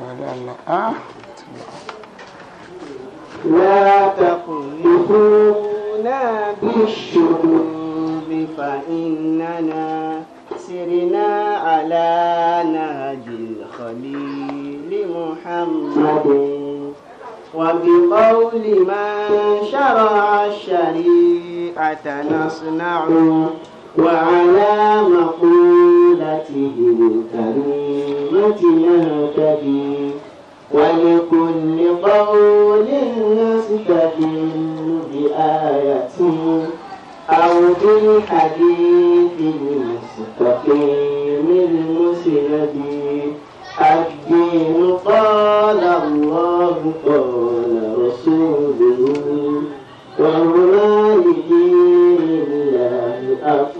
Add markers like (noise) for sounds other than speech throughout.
ولا لا آه. لا تخلفونا بالشذوذ فإننا سرنا على نهج الخليل محمد وبقول من شرع الشريعة نصنع وعلى مقول التي بالكلمة يهتدي ولكل قول يستدل بآيته أو بالحديث المستقيم المسند الدين قال الله قال رسوله وهما لدين الله أفضل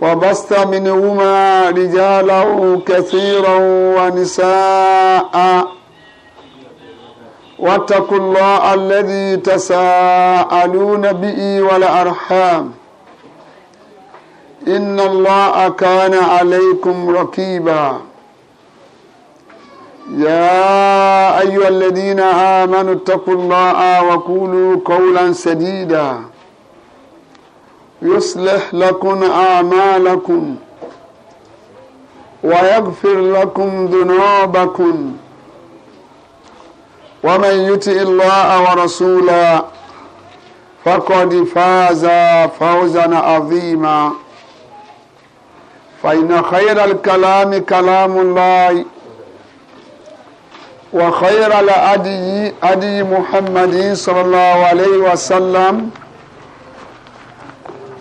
وبصت منهما رجالا كثيرا ونساء واتقوا الله الذي تساءلون به والأرحام إن الله كان عليكم رقيبا يا أيها الذين آمنوا اتقوا الله وقولوا قولا سديدا يصلح لكم أعمالكم ويغفر لكم ذنوبكم ومن يطع الله ورسوله فقد فاز فوزا عظيما فإن خير الكلام كلام الله وخير الأدي أدي محمد صلى الله عليه وسلم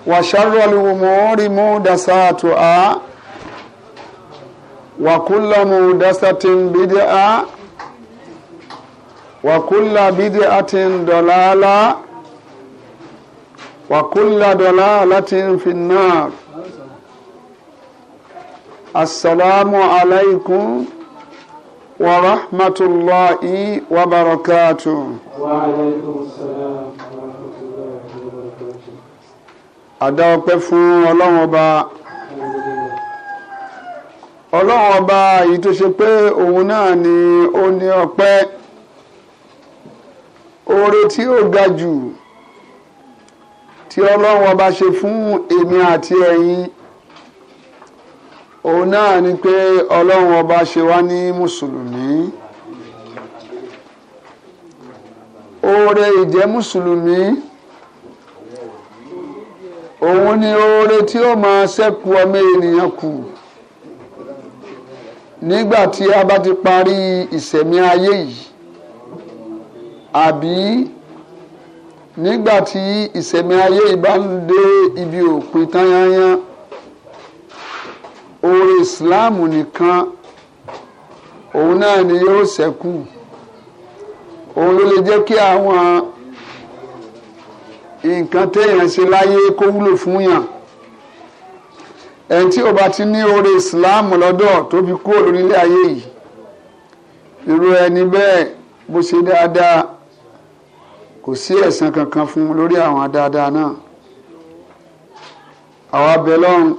وشر الأمور مودساتها وكل مودسة بدعة وكل بدعة ضلالة وكل ضلالة في النار السلام عليكم ورحمة الله وبركاته وعليكم السلام àdá ọpẹ́ fún ọlọ́run ọba ọlọ́run ọba yìí tó ṣe pé òun náà ni ó ní ọpẹ́ oore tí ó ga jù tí ọlọ́run ọba ṣe fún èmi àti ẹ̀yin òun náà ni pé ọlọ́run ọba ṣe wá ní mùsùlùmí oore ìjẹ́ mùsùlùmí òun ni oore tí ó máa ṣẹ́kù ọmọ ènìyàn kù nígbà tí a bá ti parí ìṣẹ̀mí ayé yìí àbí nígbà tí ìṣẹ̀mí ayé yìí bá ń dé ibi òpin tán oore ìsìláàmù nìkan òun náà ni yóò ṣẹ́kù òun ló lè jẹ́ kí àwọn nǹkan téèyàn ṣe láyé kó wúlò fún yàn ẹni tí ó bá ti ní oore Islam lọ́dọ̀ tó fi kúrò lórílẹ̀ ayé yìí irú ẹni bẹ́ẹ̀ bó ṣe dáadáa kò sí ẹ̀san kankan fún lórí àwọn dáadáa náà àwa bẹ lọ́run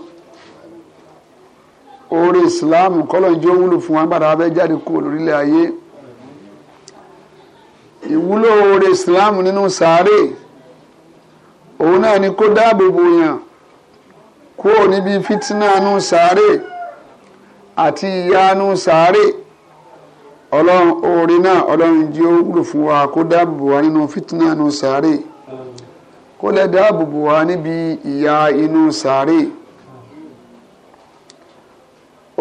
oore Islam kọ́lọ̀ ìjọ wúlò fún wa gbàdá abẹ́ jáde kúrò lórílẹ̀ ayé ìwúlò oore Islam nínú sàárè. No òun náà ni kó dáàbò bò yàn kúrò níbi fìtínà nù sàárè àti ìyà nù sàárè ọlọ́run oore náà ọlọ́run jí ó wúlò fún wa kó dáàbò bò wá nínú fìtínà nù sàárè kó lè dáàbò bò wá níbi ìyà inú sàárè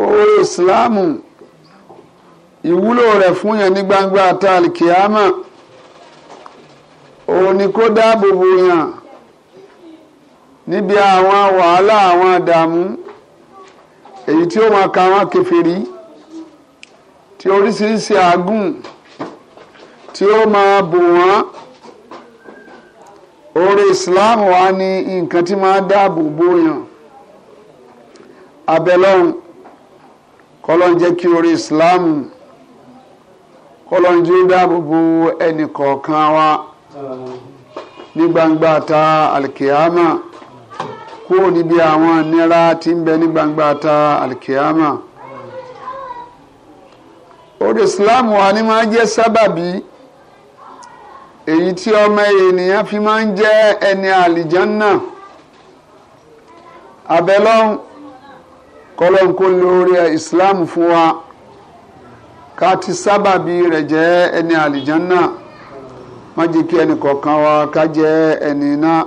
oore ìsìláàmù ìwúlò rẹ̀ fún yẹn ní gbangba tàlkìámà òun ni kó dáàbò bò yàn níbi àwọn wàhálà àwọn àdààmú èyí tí ó máa ka àwọn kèfèrí tí oríṣiríṣi àágùn tí ó máa bò wọ́n oore Islam wa ni nǹkan tí máa dáàbò bóyàn abẹ́lọ́run kọ́lọ́n jẹ́ kí oore Islam kọ́lọ́n jẹ́ dáàbò bo ẹnì kọ̀ọ̀kan wa ní gbangba ta alkiyama kúrò níbi àwọn ìnira tí ń bẹ ní gbangba ta alikiyama orí islam wa ni máa jẹ́ sábàbí èyí tí ọmọ ènìyàn fi máa ń jẹ́ ẹni àlìjánná abẹ́lọ́hún kọ́lọ́hún kó lórí islam fún wa ká ti sábàbí rẹ̀ jẹ́ ẹni àlìjánná má jẹ́ kí ẹnì kọ̀ọ̀kan wa ká jẹ́ ẹni náà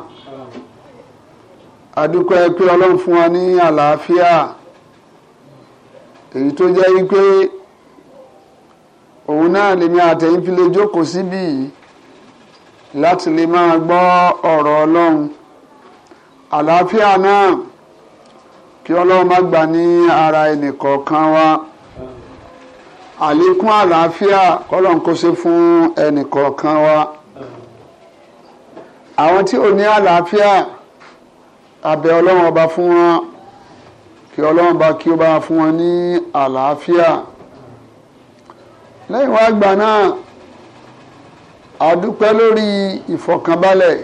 adúpẹ́ pé ọlọ́run fún wa ní àlàáfíà èyí tó jẹ́ wípé òun náà lèmi àtẹ̀yìn fi lè jókòó síbí yìí láti lè máa gbọ́ ọ̀rọ̀ ọlọ́run àlàáfíà náà kí ọlọ́run má gbà ní ara ẹnìkọ̀ọ̀kan wa àlékún àlàáfíà kọ́lọ́n kó ṣe fún ẹnìkọ̀ọ̀kan wa àwọn tí ò ní àlàáfíà abẹ ọlọ́run ọba fún wọn kí ọlọ́run bá kí ó bá fún wọn ní àlàáfíà lẹ́yìn wá gbà náà àdúpẹ́ lórí ìfọ̀kànbalẹ̀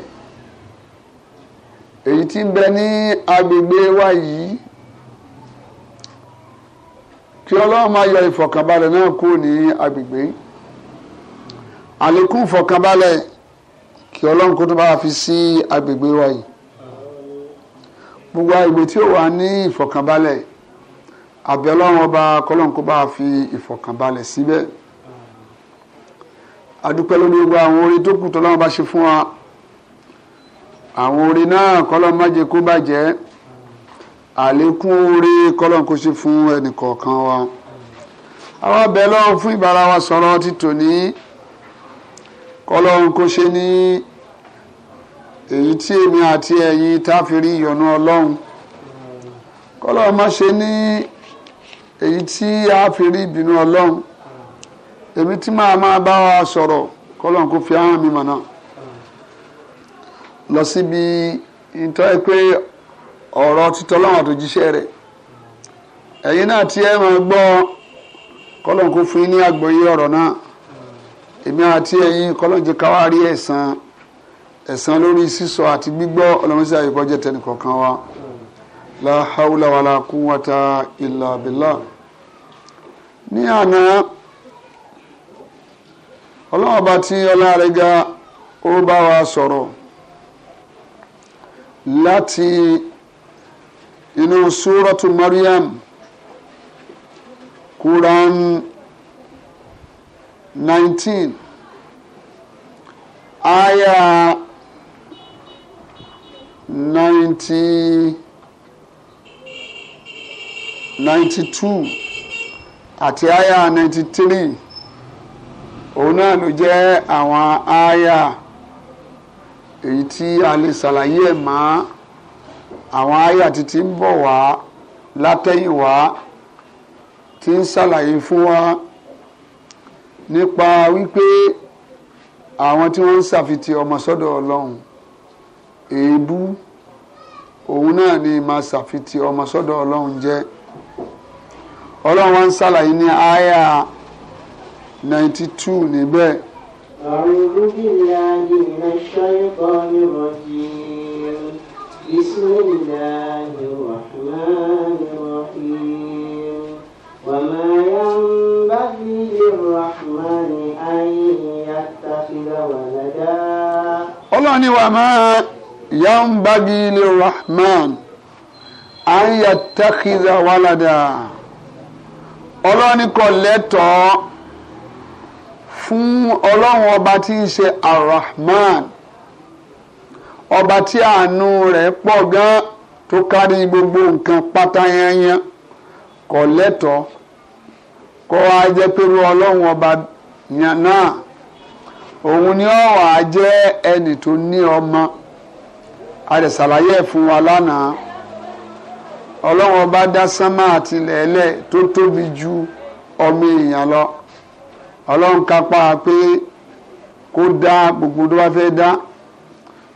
èyí tí ń bẹ ní agbègbè wa yìí kí ọlọ́run máa yọ ìfọ̀kànbalẹ̀ náà kúrò ní agbègbè àlékún ìfọ̀kànbalẹ̀ kí ọlọ́run kó tó bá fi sí agbègbè wa yìí gbogbo ìwé tí ó wà ní ìfọ̀kànbalẹ̀ àbẹ̀ ọlọ́run ọba kọ́lọ́n kó bá fi ìfọ̀kànbalẹ̀ síbẹ̀ adúpẹ́ lórí gbogbo àwọn orin tó kù tọ́lọ́run bá ṣe fún wa àwọn orin náà kọ́lọ́n má jẹ́ kó bàjẹ́ àlékún oore kọ́lọ́n ṣe fún ẹnìkọ̀ọ̀kan wa àwọn abẹ́ fún ìbára wa sọ̀rọ̀ títò ní kọ́lọ́n ṣe ní. èyí tí èmi àti ẹ̀yin tá fi rí ìyọ́nú ọlọ́run kọ́lọ́ má ṣe ní èyí tí a fi rí ìbínú ọlọ́run èmi tí máa máa bá wa sọ̀rọ̀ kọ́lọ́ fi hàn mí mọ̀nà lọ síbi ìtọ́ ẹ pé ọ̀rọ̀ títọ́ lọ́wọ́ tó rẹ̀ ẹ̀yin náà tí ẹ máa gbọ́ kọ́lọ́ kó fún ní àgbọ́yé ọ̀rọ̀ náà èmi àti ẹ̀yin kọ́lọ́ ẹ̀san lórí sísọ àti gbígbọ́ ọlọ́run sí àyíkọ́ jẹ́ tẹnì kọ̀ọ̀kan wa la haula wala quwwata illa billah ní àná ọlọ́run ọba tí ọlá rẹ̀ ga ó bá wa sọ̀rọ̀ láti inú súrọ́tù Maryam Quran 19 ayaa ninety ninety two àti àyà ninety three òun náà ló jẹ́ àwọn àyà èyí tí a lè ṣàlàyé ẹ̀ mọ́ àwọn àyà títí ń bọ̀ wá látẹ̀yìnwá tí ń ṣàlàyé fún wa nípa wípé àwọn tí wọ́n ń ṣàfitì ọmọ sọ́dọ̀ ọlọ́run èébú òun náà ni máa ṣàfitì ọmọ sọ́dọ̀ ọlọ́run jẹ́ ọlọ́run wa ń ṣàlàyé ní àyà ninety two níbẹ̀. أعوذ بالله من الشيطان الرجيم بسم الله الرحمن الرحيم وما ينبغي للرحمن أن يتخذ ولدا. ọlọ́run ni wàá máa. yanbaghi lirahman an yattakhidha walada ọlọ́ni kò lẹ́tọ̀ọ́ fún ọlọ́run ọba tí ń ṣe arahman ọba tí àánú rẹ̀ pọ̀ gan tó kárí gbogbo nǹkan pátá yanyan kò lẹ́tọ̀ọ́ kó wá jẹ́ pẹ̀lú ọlọ́run ọba yẹn náà òun ni ó wà jẹ́ ẹnì tó ní ọmọ. a lè ṣàlàyé ẹ̀ fún wa lánàá ọlọ́run ọba dá sánmà àtìlẹ̀ ẹlẹ̀ tó tóbi ju ọmọ èèyàn lọ ọlọ́run kápá pé kó dá gbogbo tó bá fẹ́ dá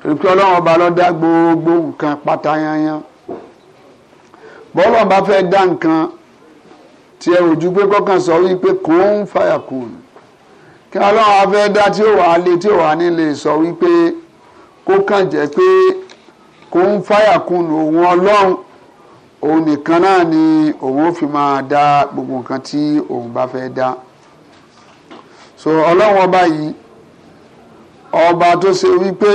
torí pé ọlọ́run ọba ló dá gbogbo nǹkan pátá yanyan bọ́ọ̀lù ọba fẹ́ dá nǹkan tí ẹ ò ju pé kọ́kàn sọ wípé kò ń fàyà kù kí ọlọ́run ọba dá tí ó wà á lé tí ó wà á nílé sọ wípé kó kàn jẹ́ pé kó ń fáyà kunu òun ọlọ́run òun nìkan náà ni òun ó fi máa dá gbogbo nǹkan tí òun bá fẹ́ dá so ọlọ́run ọba yìí ọba tó ṣe wípé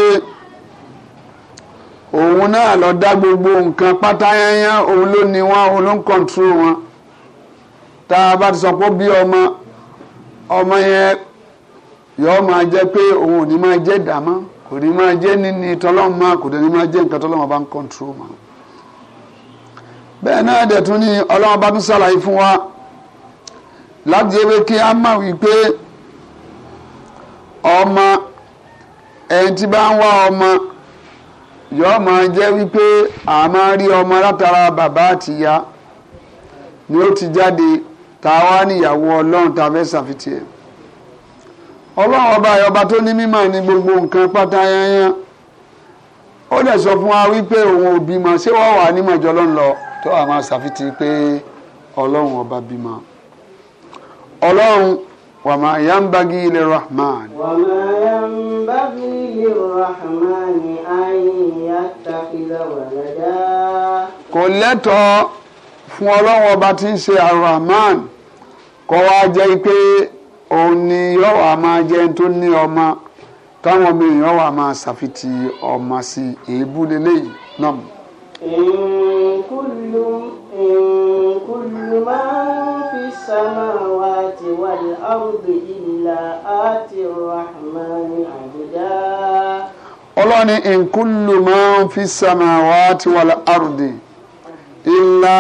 òun náà ló dá gbogbo nǹkan pátáyányá òun ló ní wọn òun ló ń kọ̀ǹtúrò wọn tá a bá ti sọ pé bí ọmọ ọmọ yẹn yọ máa jẹ pé òun ò ní máa jẹ dàmọ́ kò ní máa jẹ́ níní tọ́lọ́mù máa kò ní máa jẹ́ nǹkan tọ́lọ́mù bá ń kọ́ńtró máa bẹ́ẹ̀ náà dẹ̀ tún ní ọlọ́run bá tún ṣàlàyé fún wa láti ewé kí a mọ̀ wípé ọmọ ẹni tí bá ń wá ọmọ yóò máa jẹ́ wípé a máa rí ọmọ látara bàbá àti ìyá ni ó ti jáde tá a wá níyàwó ọlọ́run tá a fẹ́ ṣàfitì ọlọ́run ọba ọba tó ní mímọ̀ ní gbogbo nǹkan pátá yányán ó dẹ̀ sọ fún wa wípé òun ò bímọ ṣé wọ́n wà nímọ̀ ìjọ lọ́n lọ tó a máa ṣàfitì pé ọlọ́run ọba bímọ ọlọ́run wàmà yambagi ilẹ̀ rahman. wàmà yambagi ilẹ̀ rahman ayé àtàkìlá wàlàdá. kò lẹ́tọ̀ọ́ fún ọlọ́run ọba tí ń ṣe arahman kọ́ wa jẹ́ pé òun ni yóò wá máa jẹ́ tó ní ọmọ táwọn ọmọ èèyàn wà máa ṣàfitì ọmọ sí èébú lélẹ́yìn náà. ìkúlù ìkúlù máa ń fi samawati wal ardi illa àti rahmani abda. ọlọ́ni ìkúlù máa ń fi samawati wal ardi illa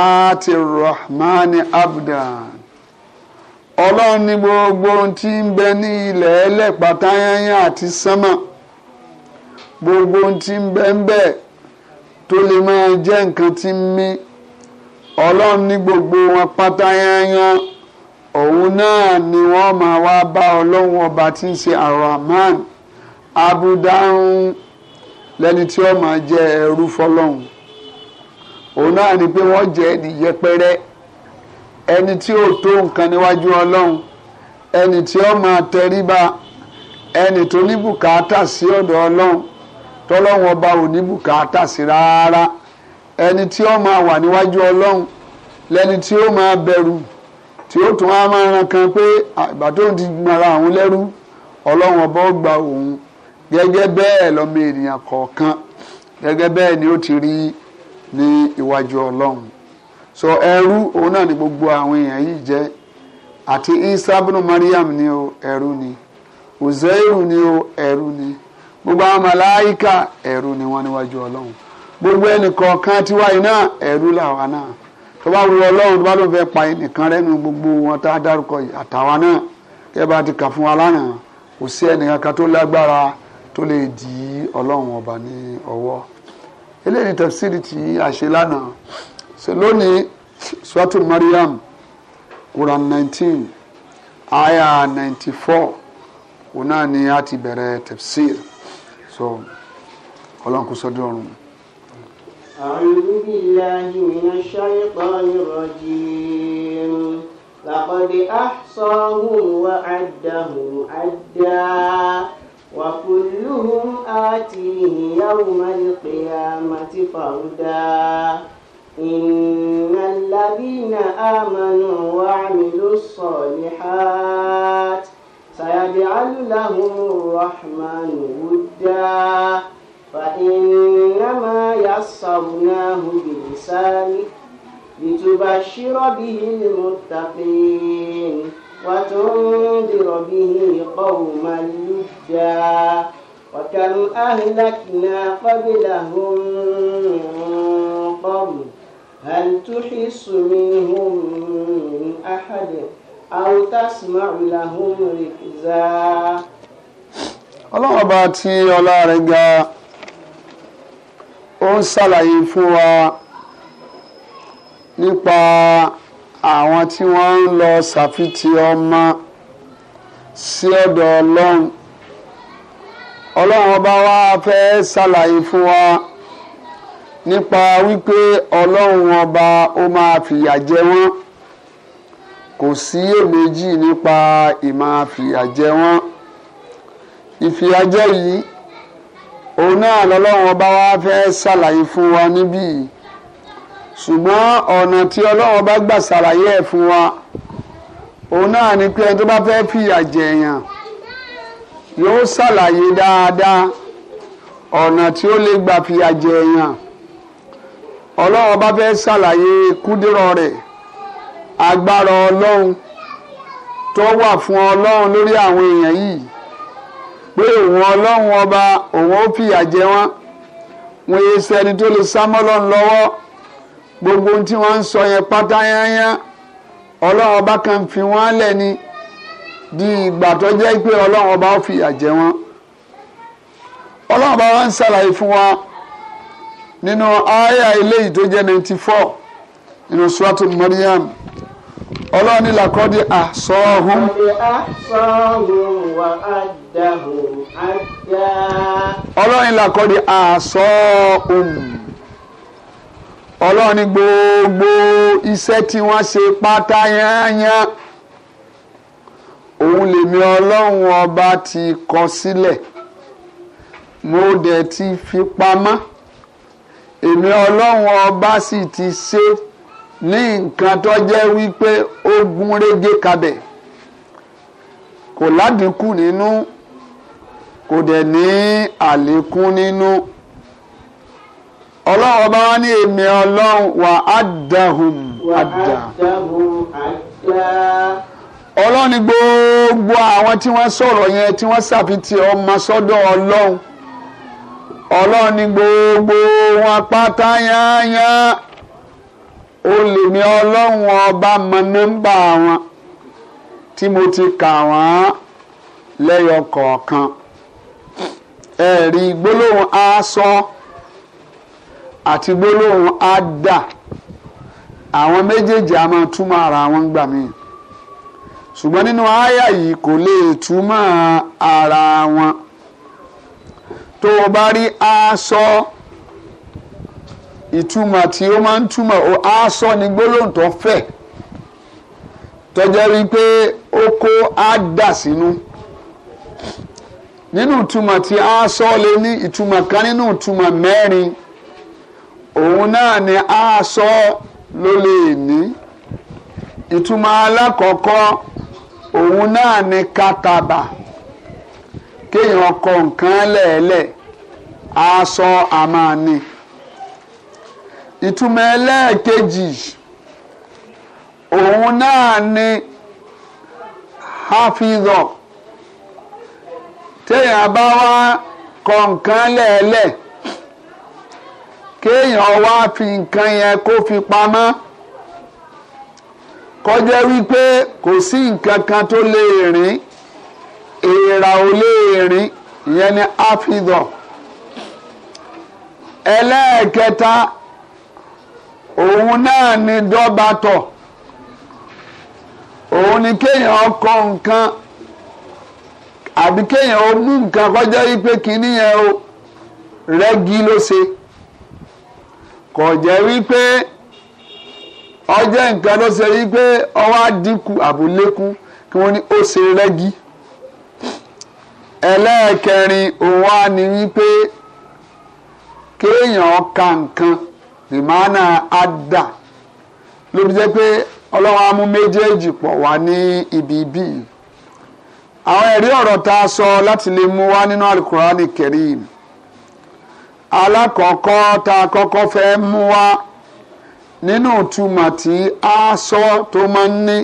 àti rahmani abda ọlọ́run ní gbogbo ohun tí ń bẹ ní ilẹ̀ ẹlẹ́pàtà yányán àti sánmà gbogbo ohun tí ń bẹ ń bẹ tó lè máa jẹ́ nǹkan tí ń mí ọlọ́run ní gbogbo wọn pátá yányán òun náà ni wọ́n máa wá bá ọlọ́run ọba tí ń ṣe Ar-Rahman abudarun lẹ́ni tí ó máa jẹ́ ẹrú fọlọ́run òun náà ni pé wọ́n jẹ́ ẹni yẹpẹrẹ ẹni tí ó tó nǹkan níwájú ọlọ́run ẹni tí ó máa tẹríba ẹni tó ní bùkátà sí ọ̀dọ̀ ọlọ́run tọ́lọ́run ọba ò ní bùkátà sí rárá ẹni tí ó máa wà níwájú ọlọ́run lẹni tí ó máa bẹ̀rù tí ó tún á máa ran kan pé àgbà tó ń ti mara àwọn lẹ́rú ọlọ́run ọba ó gba òun gẹ́gẹ́ bẹ́ẹ̀ lọ́mọ ènìyàn kọ̀ọ̀kan gẹ́gẹ́ bẹ́ẹ̀ ni ó ti rí ní iwájú ọlọ́run so ẹrú òun náà ni gbogbo àwọn èèyàn yìí jẹ́ àti Isa bunu Mariam ni o ẹrú ni Uzairu ni o ẹrú ni gbogbo àwọn malaika ẹrú ni wọ́n níwájú Ọlọ́run gbogbo ẹnìkọ̀ọ̀kan tiwa yìí náà ẹrú làwa náà tó bá wu Ọlọ́run tó bá lóun fẹ́ pa ẹnìkan rẹ́nu gbogbo wọn tá a dárúkọ yìí àtàwa náà kẹ́ bá ti kà fún wa lánàá kò sí ẹnìkan tó lágbára tó lè dì í ọba ní ọwọ́ eléyìí tẹ̀síìrì tí a ṣe lánàá so lónìí suratu Maryam Quran nineteen aya ninety four òun náà ni a ti bẹ̀rẹ̀ tafsir so ọlọ́run kò sọ́dọ̀ ọ̀run. أعوذ بالله من الشيطان الرجيم لقد أحصاهم وعدهم عدا وكلهم آتيه يوم القيامة فردا إن الذين آمنوا وعملوا الصالحات سيجعل لهم الرحمن ودا فإنما يسرناه بلسانك لتبشر به المتقين وتنذر به قوما لدا وكم أهلكنا قبلهم من قبل هل تحس منهم من أحد أو تسمع لهم ركزا ọlọ́run ọba tí ọlá rẹ̀ ga ó ń ṣàlàyé fún wa nípa àwọn tí wọ́n ń lọ ṣàfitì ọmọ sí ọ̀dọ̀ ọlọ́run ọlọ́run ọba wa fẹ́ ṣàlàyé fún wa nípa wípé ọlọ́run ọba ó máa fìyà jẹ wọ́n kò sí èméjì nípa ìmáa fìyà jẹ wọ́n ìfìyàjẹ yìí òun náà lọ́lọ́run ọba wa fẹ́ ṣàlàyé fún wa níbí ṣùgbọ́n ọ̀nà tí ọlọ́run ọba gbà ṣàlàyé ẹ̀ fún wa òun náà ni pé ẹni tó bá fẹ́ fìyà jẹ̀yàn yóò ṣàlàyé dáadáa ọ̀nà tí ó lè gbà fìyà jẹ̀yàn ọlọ́run bá fẹ́ ṣàlàyé kúdírọ̀ rẹ̀ agbára ọlọ́run tó wà fún ọlọ́run lórí àwọn èèyàn yìí pé òun ọlọ́run ọba òun ó fìyà jẹ wọ́n wọn yé sẹ́ni tó lè sá mọ́lọ́run lọ́wọ́ gbogbo ohun tí wọ́n ń sọ yẹn pátá ọlọ́run ọba kan fi wọ́n lẹ̀ ni di ìgbà tó jẹ́ pé ọlọ́run ọba ó fìyà jẹ wọ́n ọlọ́run ọba wa ń ṣàlàyé fún wa nínú àyà eléyìí tó jẹ́ ninety four nínú suwatu Maryam ọlọ́run ní làkọ́dí àsọ̀hún. ọlọ́run ní làkọ́dí àsọ̀hún. ọlọ́run ní gbogbo iṣẹ́ tí wọ́n ṣe pátá yányán òun lèmi ọlọ́run ọba ti kọ sílẹ̀ mo dẹ̀ ti fi pamọ́ èmi ọlọ́run ọba sì ti ṣe ní nǹkan tó jẹ́ wípé ó gún régé kabẹ̀ kò ládínkù nínú kò dẹ̀ ní àlékún nínú ọlọ́run ọba wa ní èmi ọlọ́run wà á dàhùn àdà ọlọ́run ni gbogbo àwọn tí wọ́n sọ̀rọ̀ yẹn tí wọ́n ṣàfitì ọmọ sọ́dọ̀ ọlọ́run ọlọ́run ní gbogbo wọn pátá yányá olèmi ọlọ́run ọba mọ nọ́mbà wọn tí mo ti kà wọ́n lẹ́yọ kọ̀ọ̀kan ẹ̀rí gbólóhùn aṣọ àti gbólóhùn àdà àwọn méjèèjì a máa túmọ̀ ara wọn gbà mí ṣùgbọ́n nínú àyà yìí kò lè túmọ̀ ara wọn tó o bá rí aṣọ ìtumọ̀ tí ó máa ń túmọ̀ o aṣọ ni gbólóhùn tó fẹ̀ tó jẹ́ wípé ó kó ádà sínú nínú ìtumọ̀ tí aṣọ lè ní ìtumọ̀ kan nínú ìtumọ̀ mẹ́rin òun náà ni aṣọ ló lè ní ìtumọ̀ alákọ̀ọ́kọ́ òun náà ni kátàbà kéèyàn kọ nǹkan lẹ́ẹ̀lẹ̀ aṣọ àmàní ìtumọ̀ ẹlẹ́ẹ̀kejì òun náà ni hafizọ téèyàn bá wá kọ nǹkan lẹ́ẹ̀lẹ̀ kéèyàn wá fi nǹkan yẹn kó fi pamọ́ kọjá wípé kò sí nǹkan kan tó lè rìn èèrà ò ìyẹn ni áfíìdọ̀ ẹlẹ́ẹ̀kẹta òun náà ni dọ́bàtọ̀ òun ni kéèyàn kọ nǹkan àbí kéèyàn ó mú nǹkan kọjá yìí pé kinní yẹn o rẹ́gí ló ṣe kò jẹ́ wípé ọjọ́ nǹkan ló ṣe wípé ọwọ́ á àbúlékún kí wọ́n ní ó ṣe rẹ́gí. ẹlẹ́ẹ̀kẹrin òun á ní wípé kéèyàn ka nǹkan ìmáàna àdà ló fi jẹ́ pé ọlọ́run á méjèèjì pọ̀ wá ní ibi bíi àwọn ẹ̀rí ọ̀rọ̀ tá a sọ láti lè mú wá nínú alukurani kerim alákọ̀ọ́kọ́ tá a kọ́kọ́ fẹ́ mú wá nínú ìtumọ̀ tí aṣọ tó máa ń ní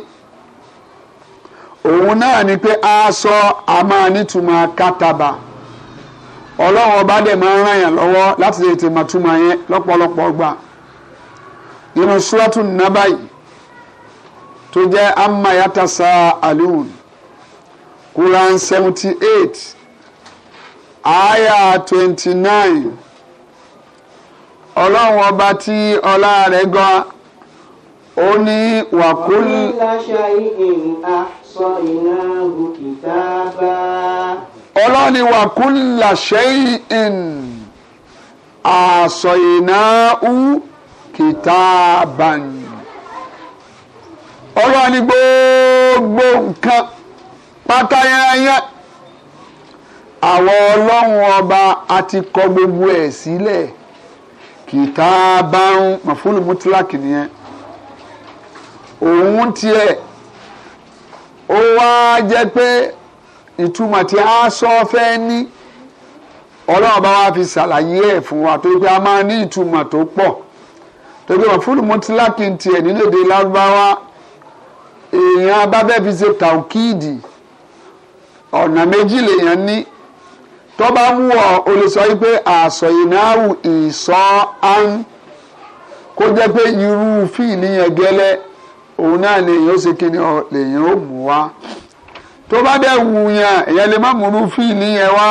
òun náà ni pé aṣọ a máa nítumọ̀ kátàbà ọlọ́run ọba dẹ̀ máa ń ràn yàn lọ́wọ́ láti lè tètè máa túmọ̀ yẹn lọ́pọ̀lọpọ̀ gbà inú súrọ́tù nàbà tó jẹ́ amayatasa alun Quran seventy eight aya twenty nine ọlọ́run ọba tí ọlá rẹ̀ gan ó ní wàkúlù. وَأَحْصَيْنَاهُ كِتَابًا ọlọ́ni wà kúlà ṣẹ́yìn àṣọ ìnáwó kìtàbàn ọlọ́ni gbogbo nǹkan pátá yányá àwọn ọlọ́run ọba a ti kọ gbogbo ẹ̀ sílẹ̀ kìtàbàn mọ̀fúlùmùtìlákì nìyẹn òun tiẹ̀ ó wá jẹ́ pé ìtumọ̀ tí a sọ fẹ́ ní ọlọ́run bá wá fi ṣàlàyé ẹ̀ fún wa tó pé a máa ní ìtumọ̀ tó pọ̀ tó pé fúlù mọ́tíláàkì tiẹ̀ nílẹ̀ èdè lárúbáwá èèyàn bá fẹ́ fi ṣe tàùkìdì ọ̀nà méjì lèèyàn ní tó bá wù ọ́ o lè sọ wípé àṣọ ìnáwó ìsọ án kó jẹ́ pé irú fíìlì yẹn gẹ́lẹ́ òun náà lèyìn ó ṣe kíni ọ lèyìn ó mú wá tó bá dẹ̀ wù yàn èyàn lè má múrú fíìlì yẹn wá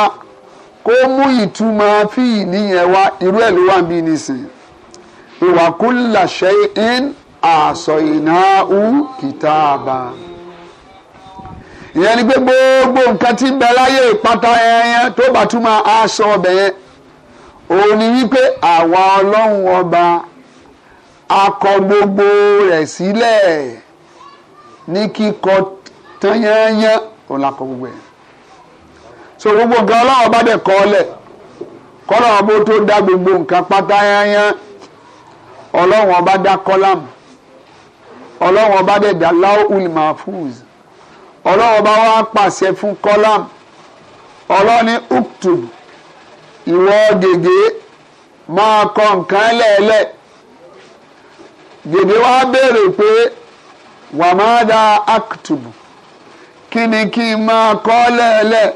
kó mú ìtumọ̀ fíìlì yẹn wá irú ẹ̀ ló wà bí nísìn ìwà kulla àṣọ ìnáhù kìtàbà ìyẹn ni pé gbogbo nǹkan tí ń bẹ láyé ìpátá ẹyẹn tó bá tún aṣọ ọbẹ̀ yẹn òun ni wípé àwa ọlọ́run ọba Akọ gbogbo rẹ̀ sílẹ̀ ní kíkọ tán òun la kọ gbogbo ẹ̀ so gbogbo nǹkan ọlọ́run bá dẹ̀ kọ́ lẹ̀ kọ́lọ́ tó dá gbogbo nǹkan pátá yányán ọba dá kọ́lámù ọlọ́run ọba dẹ̀ dá láwùl mahfuz ọba wá pàṣẹ fún uktub gègé máa kọ nǹkan lẹ́ẹ̀lẹ́ẹ̀. Gèdè wa béèrè pé wàmádà aktubu kí ni kí n máa kọ lẹ́ẹ̀lẹ́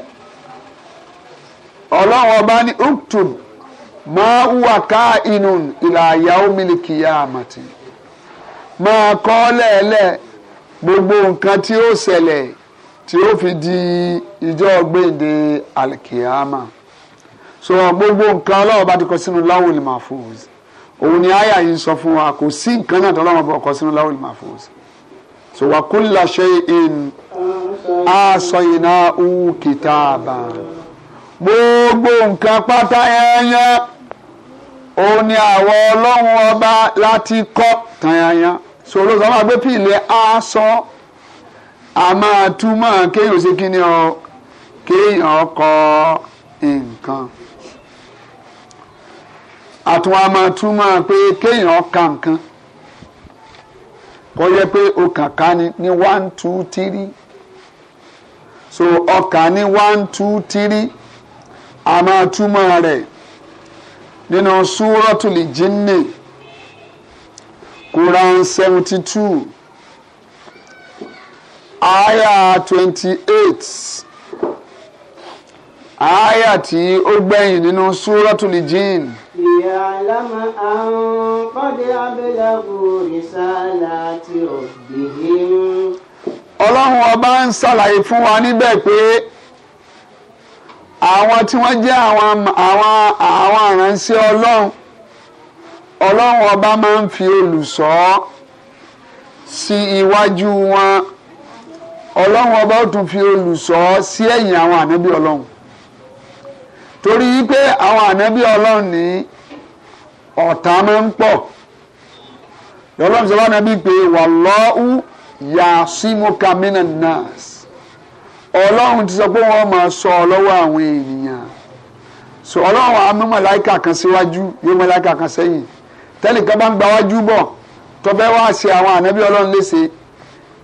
ọlọ́run ọba ní uktub máa wà ká inú ìlàyà omílìkì yá àmàtì máa kọ lẹ́ẹ̀lẹ́ gbogbo nǹkan tí ó ṣẹlẹ̀ tí ó fi di ìjọ gbèǹde alikiyama so gbogbo nǹkan ọlọ́run bá ti kọ sínú láwùlì mahfuz òun ni àyà yìí ń sọ fún wa kò sí nǹkan náà tọ́lọ́wọ́n bọ̀ ọkọ sínú láwùjọ máa fún un sí. so wa kulla shay'in ahsaynahu kitaban gbogbo nǹkan pátá ẹyẹ òun ni àwọn ọlọ́run ọba láti kọ́ tanyanyan so ló sọ fún a pé a aṣọ àmọ́ àtúmọ̀ kéèyàn ṣe kí ọ kéèyàn kọ nǹkan àtún wa máa túmọ̀ pé kéèyàn ka nǹkan kọ́ yẹ pé o ká ni ní one two three so ọkà ní one two three a máa túmọ̀ rẹ̀ nínú súrọ́tùlì jínní Quran seventy two aya twenty eight àáyà tí ó gbẹ̀yìn nínú súrọ́tù lè jìn. ìyàlámà àwọn kọ́dé abẹ́lẹ́kù rìsálà ti òbíhìn. ọlọ́run ọba ń ṣàlàyé fún wa níbẹ̀ pé àwọn tí wọ́n jẹ́ àwọn àwọn àwọn àránṣẹ́ ọlọ́run ọlọ́run ọba máa ń fi olùṣọ́ sí iwájú wọn ọlọ́run ọba ó tún fi olùṣọ́ sí ẹ̀yìn àwọn ànábì ọlọ́run torí pé àwọn ànábì ọlọ́run ní ọ̀tá máa ń pọ̀ ọlọ́run sọ fún ànábì pé wallahu yasimuka minan nas ọlọ́run ti sọ pé wọ́n máa sọ ọ lọ́wọ́ àwọn ènìyàn so ọlọ́run á mú màláìkà kan síwájú yóò màláìkà kan sẹ́yìn tẹ́nìkan bá ń gbáwájú bọ̀ tọ́fẹ́ wá ṣe àwọn ànábì ọlọ́run léṣe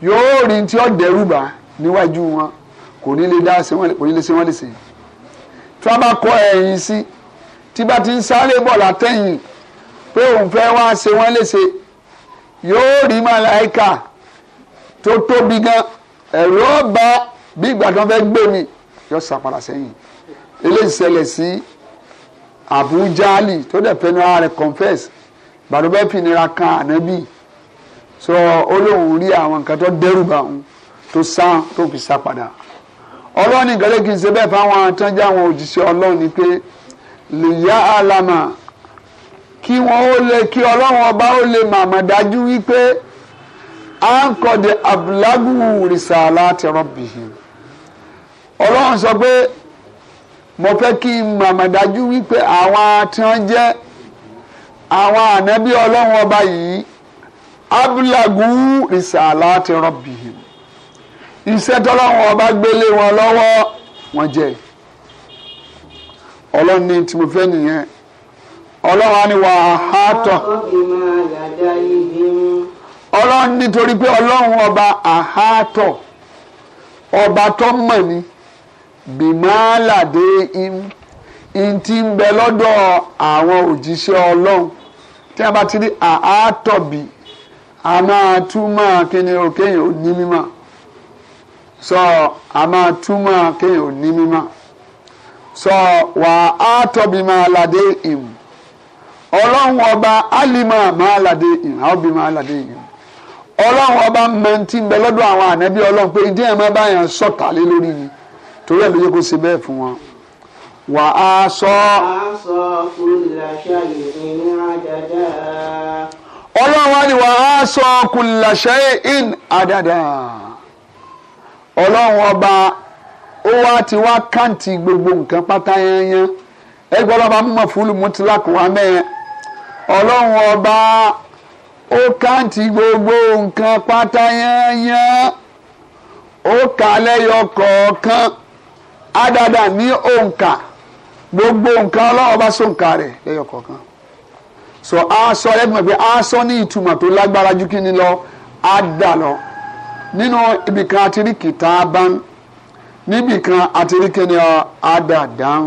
yóò rí tí ó dẹ́rù bà níwájú wọn kò ní lè dá kò ní lè ṣe tí wọ́n bá kọ ẹ̀yìn sí tí bá ti ń sáré bọ̀ látẹ̀yìn pé òun fẹ́ wá ṣe wọ́n léṣe yóò rí màláìka tó tóbi gan ẹ̀rù ọba bí ìgbà tí wọ́n fẹ́ gbé mi yóò sàpàdà sẹ́yìn eléyìí ṣẹlẹ̀ sí Abu Jali tó dẹ̀ pẹ́nu ara rẹ̀ confess gbàdúgbẹ́ fìnira kan ànábì sọ ó lóun rí àwọn nǹkan tó dẹ́rù bá òun tó sá tó fi sá padà ọlọ́run nìkan lè kí n ṣe bẹ́ẹ̀ fáwọn àtọ́jà àwọn òjíṣẹ́ ọlọ́run ni pé lè yá àlàmà kí wọ́n ó lè kí ọlọ́run ọba ó lè màmá dájú wípé à ń kọ́dé abúlágùn rìsàlá ti rọ́bì yìí ọlọ́run sọ pé mo fẹ́ kí n màmá dájú wípé àwọn àtọ́n àwọn ànábí ọlọ́run ọba yìí abúlágùn rìsàlá ti rọ́bì yìí iṣẹ́ tọ́lọ́run ọba gbélé wọn lọ́wọ́ wọn jẹ ọlọ́run ní tí mo fẹ́ nìyẹn ọlọ́run á ní wà á tọ̀ ọlọ́run nítorí pé ọlọ́run ọba àhátọ̀ ọba tó mọ̀ ni bìmọ́ládé im in ti ń bẹ lọ́dọ̀ àwọn òjíṣẹ́ ọlọ́run tí a bá ti rí àhátọ̀ bì a máa túmọ̀ kí ni òkèèyàn ò ní mímọ́ sọ a máa túmọ̀ kéèyàn ò ní mímọ́ sọ wà á tọ́bi máa ládé ìmù ọlọ́run ọba alima máa ládé ìmù àwọn òbí máa ládé ìmù ọlọ́run ọba mẹ́ntì ń bẹ lọ́dọ̀ àwọn ànábì ọlọ́run pé ìdí ẹ̀ máa bá yàn sọ̀tà lé lórí ni torí ẹ̀ ló yẹ kó ṣe bẹ́ẹ̀ fún wọn. wà á sọ. ọlọ́run wa ni wà á sọ kùlàṣẹ́ in àdàdà ọlọ́run ọba ó wá ti wá káǹtì gbogbo nǹkan pátá yányán ẹgbẹ́ ọlọ́ba mímọ̀ fúlù mutilak wà mẹ́ẹ̀ ọlọ́run ọba ó káǹtì gbogbo nǹkan pátá yányán ó kà á lẹ́yọ kọ̀ọ̀kan ádádá ní òǹkà gbogbo nǹkan ọlọ́run ọba sóǹkà rẹ̀ lẹ́yọ kọ̀ọ̀kan sọ aṣọ ẹgbẹ́ pé aṣọ ní ìtumọ̀ tó lágbára ju kí ni lọ á dà lọ nínú ibìkan àti rí kìtàbán níbìkan àti rí kíni àdàdán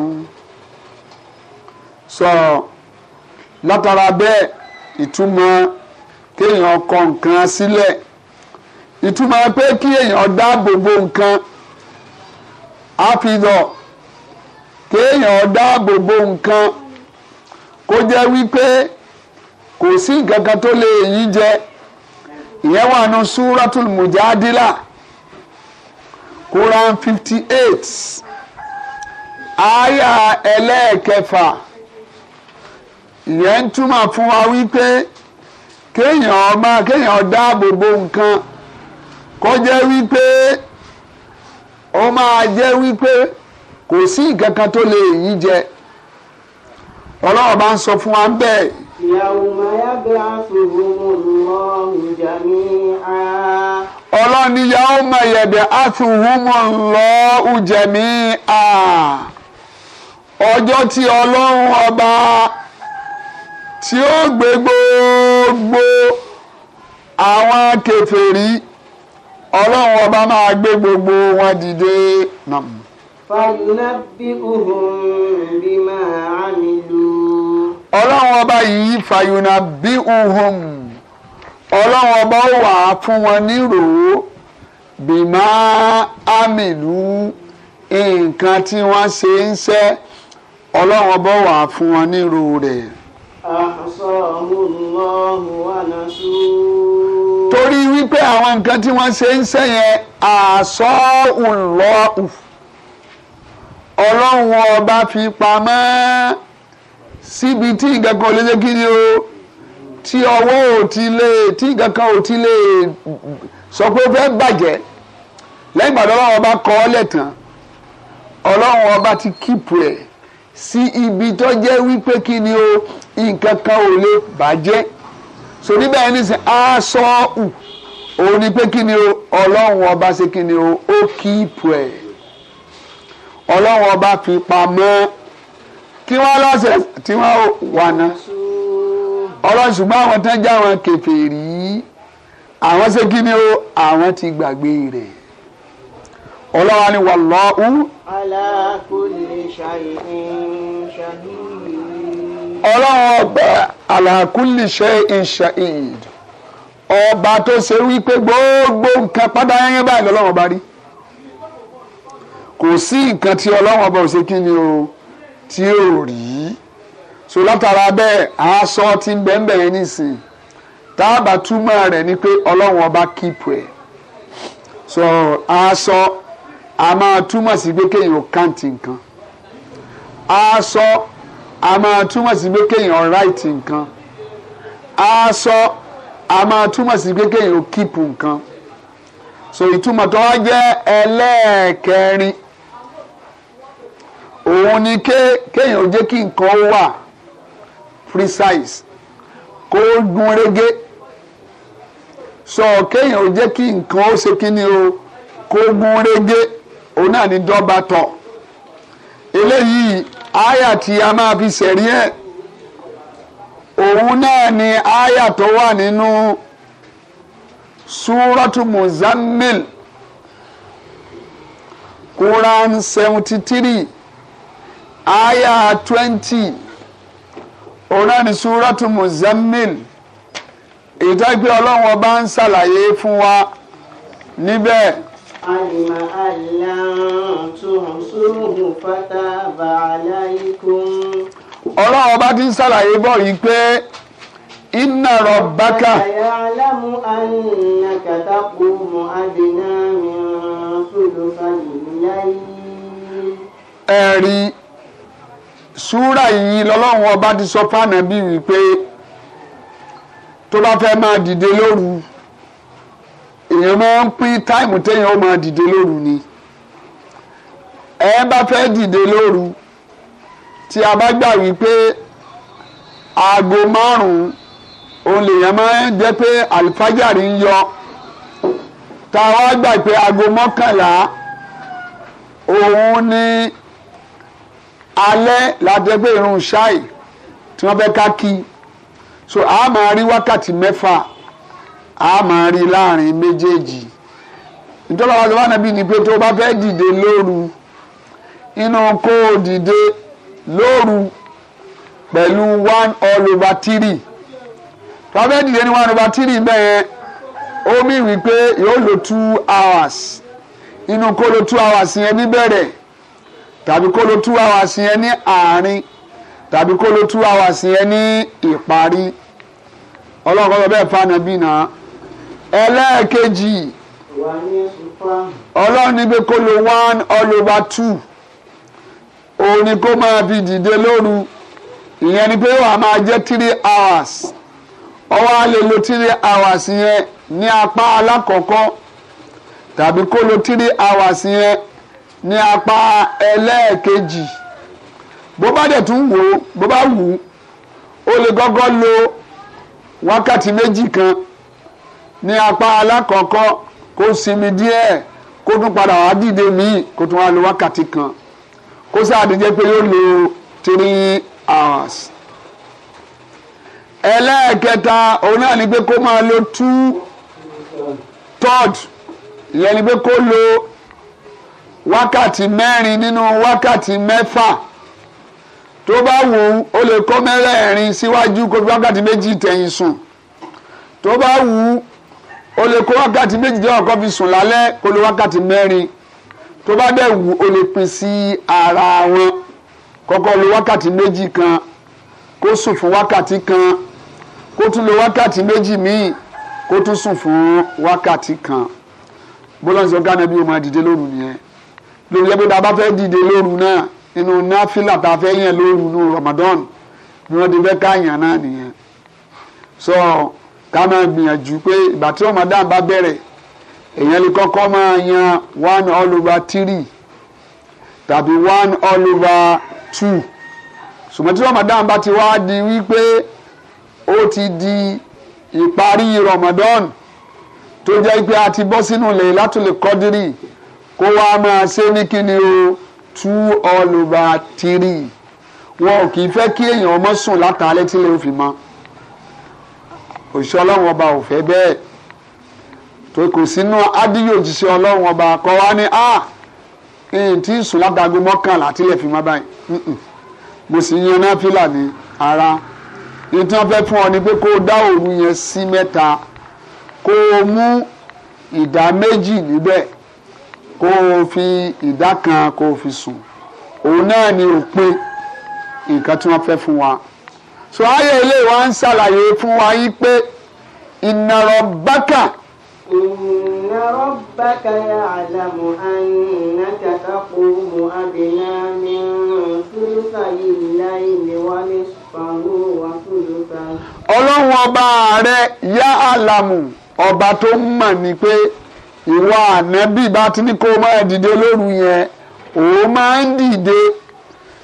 sọ látara bẹ́ẹ̀ ìtumọ̀ kéèyàn kọ nǹkan sílẹ̀ ìtumọ̀ pé kí èèyàn dáàbò bo nǹkan àfihàn kéèyàn dáàbò bo nǹkan kó jẹ́ wípé kò sí nǹkan kan tó lè yí jẹ ìyẹn wà nù súratul mujadila quran fifty eight àyà ẹlẹ́ẹ̀kẹfà ìyẹn ń túmọ̀ fún wa wípé kéèyàn ọmọ kéèyàn dáàbò bo nǹkan kó jẹ́ wípé ó máa jẹ́ wípé kò sí nǹkan kan tó lè yí jẹ ọlọ́run bá ń sọ fún wa ń bẹ́ẹ̀. ìyàwó máa yá bí a sòrò mọ́. ọlọ́ni yàwó mayẹ̀dẹ̀ àtúhùmọ̀lọ́hù jẹ̀mí à ọjọ́ tí ọlọ́run ọba tí ó gbé gbogbo àwọn kèfèrí ọlọ́run ọba máa gbé gbogbo wọn dìde bí fàyùnàbíhùn bímà àmìlú. ọlọ́run ọba yìí fàyùnàbíhùn. ọlọ́run ọba ó wà á fún wọn níròó bìmá àmìlú nǹkan tí wọ́n ṣe ń ṣẹ́ ọlọ́run ọba ó wà fún wọn níròó rẹ̀. torí wípé àwọn nǹkan tí wọ́n ṣe ń ṣẹ́ yẹn àṣọ ńlọ́ọ̀hù ọlọ́run ọba fi pamọ́ síbi tí nǹkan kan lè ṣe kí ni o. tí ọwọ́ ò ti lè tí nǹkan kan ò ti lè sọ pé ó fẹ́ bàjẹ́ lẹ́yìn ìgbà tó ọlọ́run ọba kọ ọ́ lẹ́tàn ọlọ́run ọba ti kíìpù ẹ̀ sí ibi tó jẹ́ wípé kí ni o nǹkan kan ò lè bàjẹ́ so nígbà yẹn nísìn aṣọ ù òun ni pé kí ni o ọlọ́run ọba ṣe kí ni o ó kíìpù ẹ̀ ọlọ́run ọba fi pamọ́ kí wọ́n lọ́sẹ̀ tí wọ́n wà náà ọlọ́run ṣùgbọ́n àwọn tán já wọn kèfèrí àwọn ṣe kí ni ó àwọn ti gbàgbé rẹ̀ ọlọ́run ni wallahu. ala kulli shay'in shahid. ọlọ́run ọba ala kulli shay'in shahid ọba tó ṣe wípé gbogbo nǹkan pátá yẹn báyìí lọ́lọ́run ọba rí kò sí nǹkan tí ọlọ́run ọba ò ṣe kí ni o tí ò rí so látara bẹ́ẹ̀ aṣọ ti ń bẹ́ẹ̀ bẹ́ẹ̀ nísìn tá a bá túmọ̀ rẹ̀ ni pé ọlọ́run ọba kíìpù ẹ̀ so aṣọ a máa túmọ̀ sí pé kéèyàn káǹtì nǹkan aṣọ a máa túmọ̀ sí pé kéèyàn ráìtì nǹkan aṣọ a máa túmọ̀ sí pé kéèyàn kíìpù nǹkan so ìtumọ̀ tó wá jẹ́ ẹlẹ́ẹ̀kẹrin òun ni kéèyàn jẹ́ kí nǹkan wà precise kó gún régé sọ kéèyàn ò jẹ́ kí nǹkan ó ṣe kí ni o kó gún régé òun náà ní dọ́gba tọ̀ eléyìí àyà tí a máa fi ṣẹ̀rí ẹ̀ òun náà ni àyà tó wà nínú súrọ́tù muzammil quran seventy three àyà twenty òun náà ni súrọ́tù muzammil ìtẹ́gbẹ́ ọlọ́run ọba ń ṣàlàyé fún wa níbẹ̀. alima aláǹtúnṣúrù fataba alaykum. ọlọ́run ọba ti ń ṣàlàyé bọ̀ yìí pé inna rabbaka. ya'lamu annaka taqumu adna min thuluthayil layl. ẹ̀rí súrà yìí lọ́lọ́run ọba ti sọ fáànà bíi wípé tó bá fẹ́ máa dìde lóru èèyàn máa ń pín táìmù téèyàn ó máa dìde lóru ni ẹ bá fẹ́ dìde lóru tí a bá gbà wípé aago márùn-ún òun lèèyàn máa ń jẹ́ pé àlùfájàrí ń yọ tá a wá gbà pé aago mọ́kànlá òun ni alẹ́ ládẹ́gbẹ́ irun ṣáì tí wọ́n fẹ́ ká so a máa rí wákàtí mẹ́fà a máa rí láàrin méjèèjì nítorí àwọn àdúrà nàbí ni pé tó o bá fẹ́ dìde lóru inú kó o dìde lóru pẹ̀lú one all over three tó o fẹ́ dìde ní one over three bẹ́ẹ̀ ó wípé yóò lo two hours inú kó lo two hours yẹn níbẹ̀rẹ̀ tàbí kó lo two hours yẹn ní àárín tàbí kó lo two hours yẹn ní ìparí ọlọ́run kọ́ sọ bẹ́ẹ̀ fáànà bí náà ẹlẹ́ẹ̀kejì ọlọ́run ní pé kó lo one all over two òun ni kó máa fi dìde lóru ìyẹn ni pé wàá máa jẹ́ three hours ọwọ́ á lè lo three hours yẹn ní apá alákọ̀ọ́kọ́ tàbí kó lo three hours yẹn ní apá ẹlẹ́ẹ̀kejì bó bá dẹ̀ tún wò ó bó bá wù ú ó lè gọ́gọ́ lo wákàtí méjì kan ní apá alákọ̀ọ́kọ́ kó sinmi díẹ̀ kó tún padà wá dìde míì kó tún wá lo wákàtí kan kó sáàdìjẹ́ pé yóò lo three hours ẹlẹ́ẹ̀kẹta òun náà ni pé kó máa lo two third ìyẹn ni pé kó lo wákàtí mẹ́rin nínú wákàtí mẹ́fà tó bá wù ú ó lè kó mẹ́rẹ̀ẹ̀rin síwájú kó fi wákàtí méjì tẹ̀yìn sùn tó bá wù ú ó lè kó wákàtí méjì jẹ́ ọ̀kọ́ fi sùn lálẹ́ kó lè wákàtí mẹ́rin tó bá dẹ̀ wù ó lè pín sí ara wọn kọ́kọ́ lo wákàtí méjì kan kó sùn fún wákàtí kan kó tún lo wákàtí méjì míì kó tún sùn fún wákàtí kan bọ́lá ń sọ gánà bí o máa dìde lóru nìyẹn lórí ẹgbẹ́ tá a bá fẹ́ dìde lóru náà nínú náfìlà tá a fẹ́ yàn lóru nínú Ramadan bí wọ́n ti fẹ́ káyàn náà nìyẹn so ká máa gbìyànjú pé ìgbà tí Ramadan bá bẹ̀rẹ̀ èèyàn lè kọ́kọ́ máa yan one all over three tàbí one all over two ṣùgbọ́n tí Ramadan bá ti wá di wípé ó ti di ìparí Ramadan tó jẹ́ pé a ti bọ́ sínú lè látòlè kọ́dírì kó wá máa ṣe ní kíni o two all over three wọn ò kì í fẹ́ kí èèyàn ọmọ sùn látàlẹ́ tí lè fi mọ́ òṣìṣẹ́ ọlọ́run ọba ò fẹ́ bẹ́ẹ̀ tó kò sínú ádìyẹ òṣìṣẹ́ ọlọ́run ọba kọ́ wa ní a ah, èyí tí ń sùn látàgé mọ́kànlá tí lè fi mọ́ báyìí mo sì yan náfìlà ní ara ìtàn fẹ́ fún ọ ni pé kó o dá òru yẹn sí mẹ́ta kó o mú ìdá méjì níbẹ̀ kó o fi ìdá kan kó o fi sùn òun náà ni òpin nǹkan tí wọ́n fẹ́ fún wa so ayé ilé wa ń ṣàlàyé fún wa yí pé ìnàrọ̀ bákà. Inna rabbaka ya'lamu annaka taqumu adna min thulthayil layli wa nisfahu wa thulthahu. Ọlọ́run ọba rẹ̀ yá àlàmù ọba tó ń mọ̀ ni pé ìwà ànẹ́bí bá ti ní kó máa dìde lóru yẹn òun máa ń dìde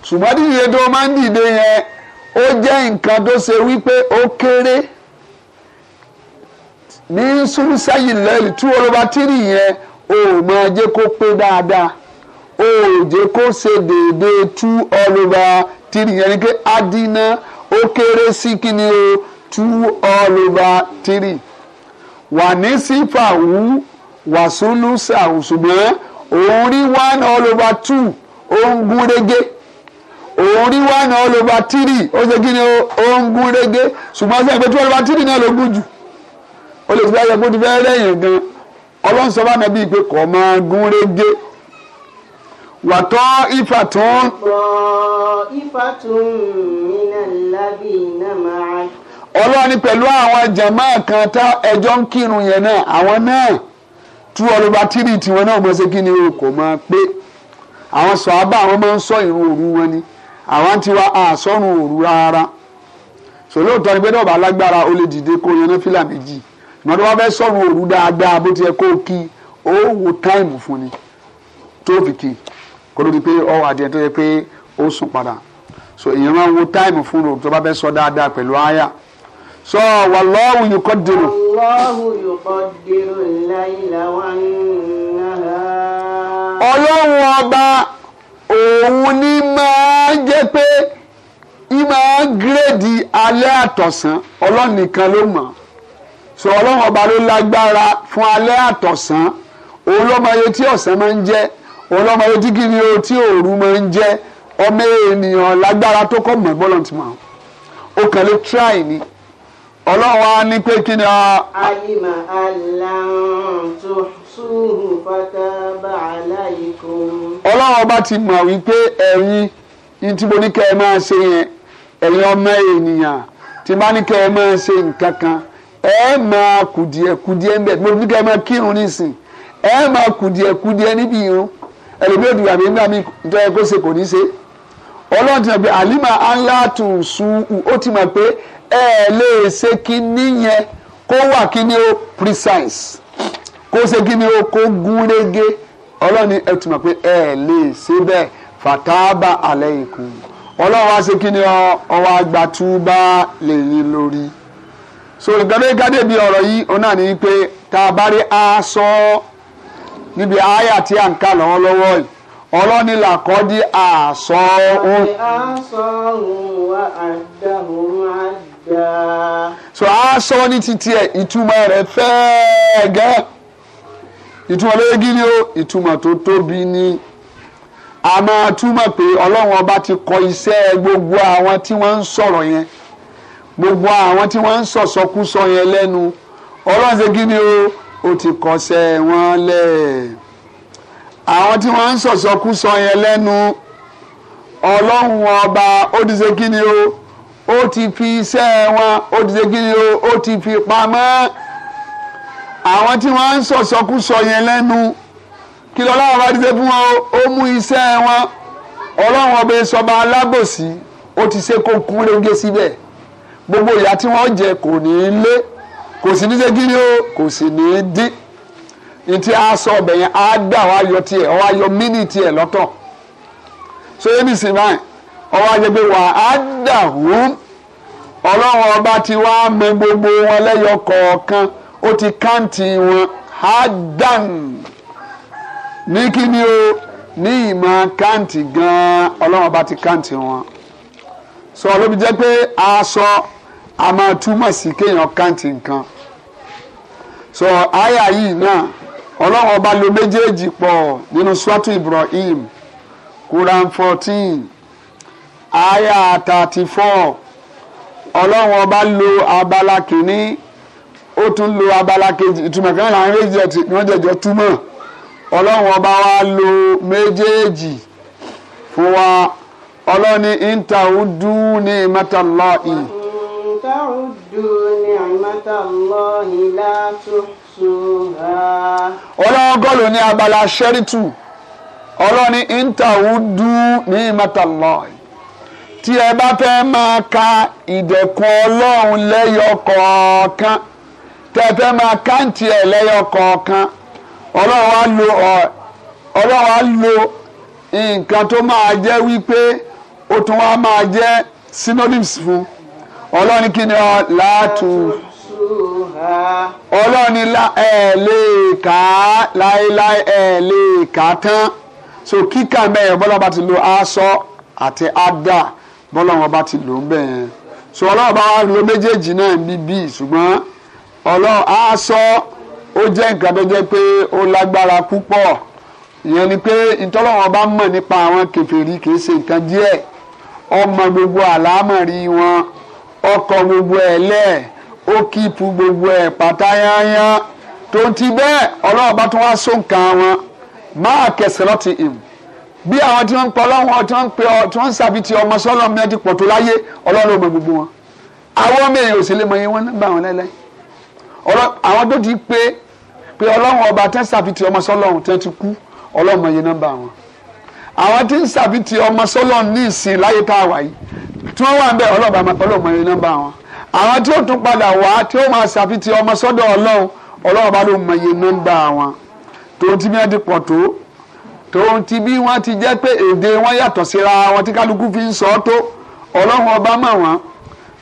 ṣùgbọ́n dídìde tó máa ń dìde yẹn ó jẹ́ nǹkan tó ṣe wípé ó kéré ní sùrùsẹ́yìn lẹ́yìn tí olóba tírì yẹn ò máa jẹ́ kó pé dáadáa ò jẹ́ kó ṣe déédéé tú olóba tírì yẹn ni pé adínà ó kéré sí kíni o tú olóba tírì wà ní sífà wú wàsúlù sàù ṣùgbọ́n òun rí one all over two òun gún régé òun rí one all over three ó ṣe kí ni òun gún régé ṣùgbọ́n sẹ́yìn pé two all over three náà ló gùn jù ó lè ti fẹ́ yẹ kó ti fẹ́ rẹ̀yìn gan ọlọ́run sọ bá nàbí pé kò máa gún régé wàtọ́ ifá tún. wọ́n ifá tún mí náà lábì náà máa. ọlọ́run pẹ̀lú àwọn jàmáà kan tá ẹjọ́ ń kírun yẹn náà àwọn náà tú ọlọ́ba tírì tiwọn náà mọ̀ ṣe kí ni o kò máa pé àwọn sọ̀ábà àwọn máa ń sọ ìrun òru wọn ni àwọn ti wá àsọ̀rùn òru rárá sòlóòtọ́ ni pé náà bá lágbára o lè dìde kó yan náfìlà méjì ìmọ̀ tó bá fẹ́ sọ̀rùn òru dáadáa bó ti yẹ kó kí ó wo táìmù fún ni tó fi kí kó ló di pé ọ àdìẹ tó yẹ pé ó sùn padà so èèyàn máa ń wo táìmù fún òru tó bá fẹ́ sọ dáadáa pẹ̀lú àyà so wallahu yuqaddiru. wallahu yuqaddiru al-layla wan-nahar. ọlọ́run ọba òun ni máa jẹ́ pé máa gírèdì alẹ́ àtọ̀sán ọlọ́run nìkan ló mọ̀ so ọlọ́run ọba ló lágbára fún alẹ́ àtọ̀sán òun ló mọye tí ọ̀sán máa ń jẹ́ òun ló mọye tí kìíní o tí òru máa ń jẹ́ ọmọ ènìyàn lágbára tó kọ́ mọ̀ bọ́lọ̀ tí mọ̀ ó kàn lè try ni ọlọ́wọ́ wa ní pé kí ni a. alima alam tó sùúrù fataba ọba ti mọ̀ wípé ẹ̀yin tí mo ní kẹ́ ẹ máa ṣe yẹn ẹ̀yin ọmọ ènìyàn tí bá ní kẹ́ ẹ máa ṣe nǹkan kan ẹ máa kùdìẹ̀ kùdìẹ̀ ń bẹ̀ mo ní kẹ́ ẹ máa kírun nísìn ẹ máa kùdìẹ̀ kùdìẹ̀ irun nígbà mi ti mọ̀ pé ẹ lè ṣe kinní yẹn kó wà o precise kó ṣe kinní o kó gún ọlọ́ni ẹ tún mọ̀ pé ẹ lè ṣe bẹ́ẹ̀ fàtàbà alẹ́ ikú ọlọ́run wá ṣe kinní ọwọ́ agbátúbá lè yín lórí so gàdégàdé bí ọ̀rọ̀ yìí ọ̀nà ni pé tá a bá rí aṣọ níbi àyà tí à ń kà lọ́wọ́lọ́wọ́ yìí ọlọ́ni di aṣọ òun. àṣọ òun wà á dáhùn á so aṣọ ní titi ẹ̀ ìtumọ̀ rẹ̀ fẹ́ẹ́ gẹ́ ìtumọ̀ lóye gírí o ìtumọ̀ tó tóbi ni a máa túmọ̀ pé ọlọ́run ọba ti kọ iṣẹ́ gbogbo àwọn tí wọ́n ń sọ̀rọ̀ yẹn gbogbo àwọn tí wọ́n ń sọ̀sọ́kúsọ yẹn lẹ́nu ọlọ́run ṣe kí ni o ó ti kọsẹ̀ wọn lẹ̀ àwọn tí wọ́n ń sọ̀sọ́kúsọ yẹn lẹ́nu ọlọ́run ọba ó ti ṣe kí o ó ti fi iṣẹ́ wọn ó ti ṣe kíni o ó ti fi pamọ́ àwọn tí wọ́n ń sọ̀sọ́kúsọ yẹn lẹ́nu kí lọ́la wọn bá ti ṣe fún wọn ó mú iṣẹ́ wọn ọlọ́run ọba ìsọba alábòsí ó ti ṣe kó kú rege síbẹ̀ gbogbo ìyà tí wọ́n jẹ kò ní í lé kò sí ní ṣe kíni o kò sì ní í dín ní tí a sọ ọbẹ̀ yẹn á dà wá yọ tiẹ̀ wá yọ mínítì ẹ̀ lọ́tọ̀ so ebi sì báyìí ọwọ́ àjẹgbé wà á dàhù ọlọ́run ọba ti wá mẹ gbogbo wọn lẹ́yọ kọ̀ọ̀kan ti káǹtì wọn á dàn ní kí ni o ní ìmọ̀ káǹtì gan-an ọlọ́run ọba ti káǹtì wọn sọ ló fi jẹ́ pé aṣọ a máa túmọ̀ sí ọba lo méjèèjì pọ̀ nínú Ibrahim Quran fourteen àyà thirty four ọlọ́run ọba lo abala kìíní ó tún lo abala kejì ìtumọ̀ kan láwọn méjèèjì ni wọ́n jẹ̀jọ́ túmọ̀ ọlọ́run ọba wa lo méjèèjì fún wa ọlọ́ni ìntàwùdú ní ìmọ̀tàlọ́ọ̀ì. ìntàwùdú ní ìmọ̀tàlọ́ọ̀ì látòsùnà. ọlọ́run gọ́ọ̀lù ní abala ṣẹ́rìtù ọlọ́ni ìntàwùdú ní ìmọ̀tàlọ́ọ̀ì tí ẹ bá fẹ́ máa ka ìdẹ̀kùn ọlọ́run lẹ́yọ kọ̀ọ̀kan tẹ́ fẹ́ máa káǹtì ẹ̀ lẹ́yọ kọ̀ọ̀kan ọlọ́run á lo ọlọ́run á lo nǹkan tó máa jẹ́ wípé ó tún wá máa jẹ́ synonyms fún ọlọ́run kí ni ọ láàtú ọlọ́run ẹ̀ lè kà á láéláé ẹ̀ lè kà á tán so kíkà mẹ́rin bọ́lá bá ti lo aṣọ àti ada bọ́lọ́wọ́n bá ti lò ń bẹ̀ yẹn so ọlọ́run bá lo méjèèjì náà bíbí ṣùgbọ́n ọlọ́run aṣọ ó jẹ́ nǹkan tó jẹ́ pé ó lágbára púpọ̀ ìyẹn ni pé ìtọ́lọ́wọ́n bá mọ̀ nípa àwọn kèfèrí kìí ṣe nǹkan díẹ̀ ọmọ gbogbo àlámọ̀rí wọn ọkọ̀ gbogbo ẹ̀ lẹ́ẹ̀ ó kíìpù gbogbo ẹ̀ pátáyáyá tó ti bẹ́ẹ̀ ọlọ́run bá tún wá sóǹkà wọn máa kẹsàn-án ti ìmù bí àwọn tí wọ́n ń pọ ọlọ́run tí wọ́n ń pe ọ tí wọ́n ń sàbí ti ọmọ sọ́lọ́ mi ti pọ̀ tó láyé ọlọ́run ọmọ gbogbo wọn àwọn ọmọ èèyàn ò sì lè mọ iye wọn nígbà wọn lẹ́lẹ́ àwọn tó ti pé pé ọlọ́run ọba tẹ́ sàbí ti ọmọ sọ́lọ́run tẹ́ ti kú ọlọ́run mọ iye nọ́mbà wọn àwọn tí ń sàbí ti ọmọ sọ́lọ́run ní ìsìn láyé tá a wà yìí tí wọ́n wà ń bẹ̀ ọlọ́run mọ iye nọ́mbà wọn àwọn tí ó tún padà wá tòun ti bí wọ́n ti jẹ́ pé èdè wọn yàtọ̀ síra wọn tí kálukú fi ń sọ ọ́ tó ọlọ́run ọba mọ̀ wọ́n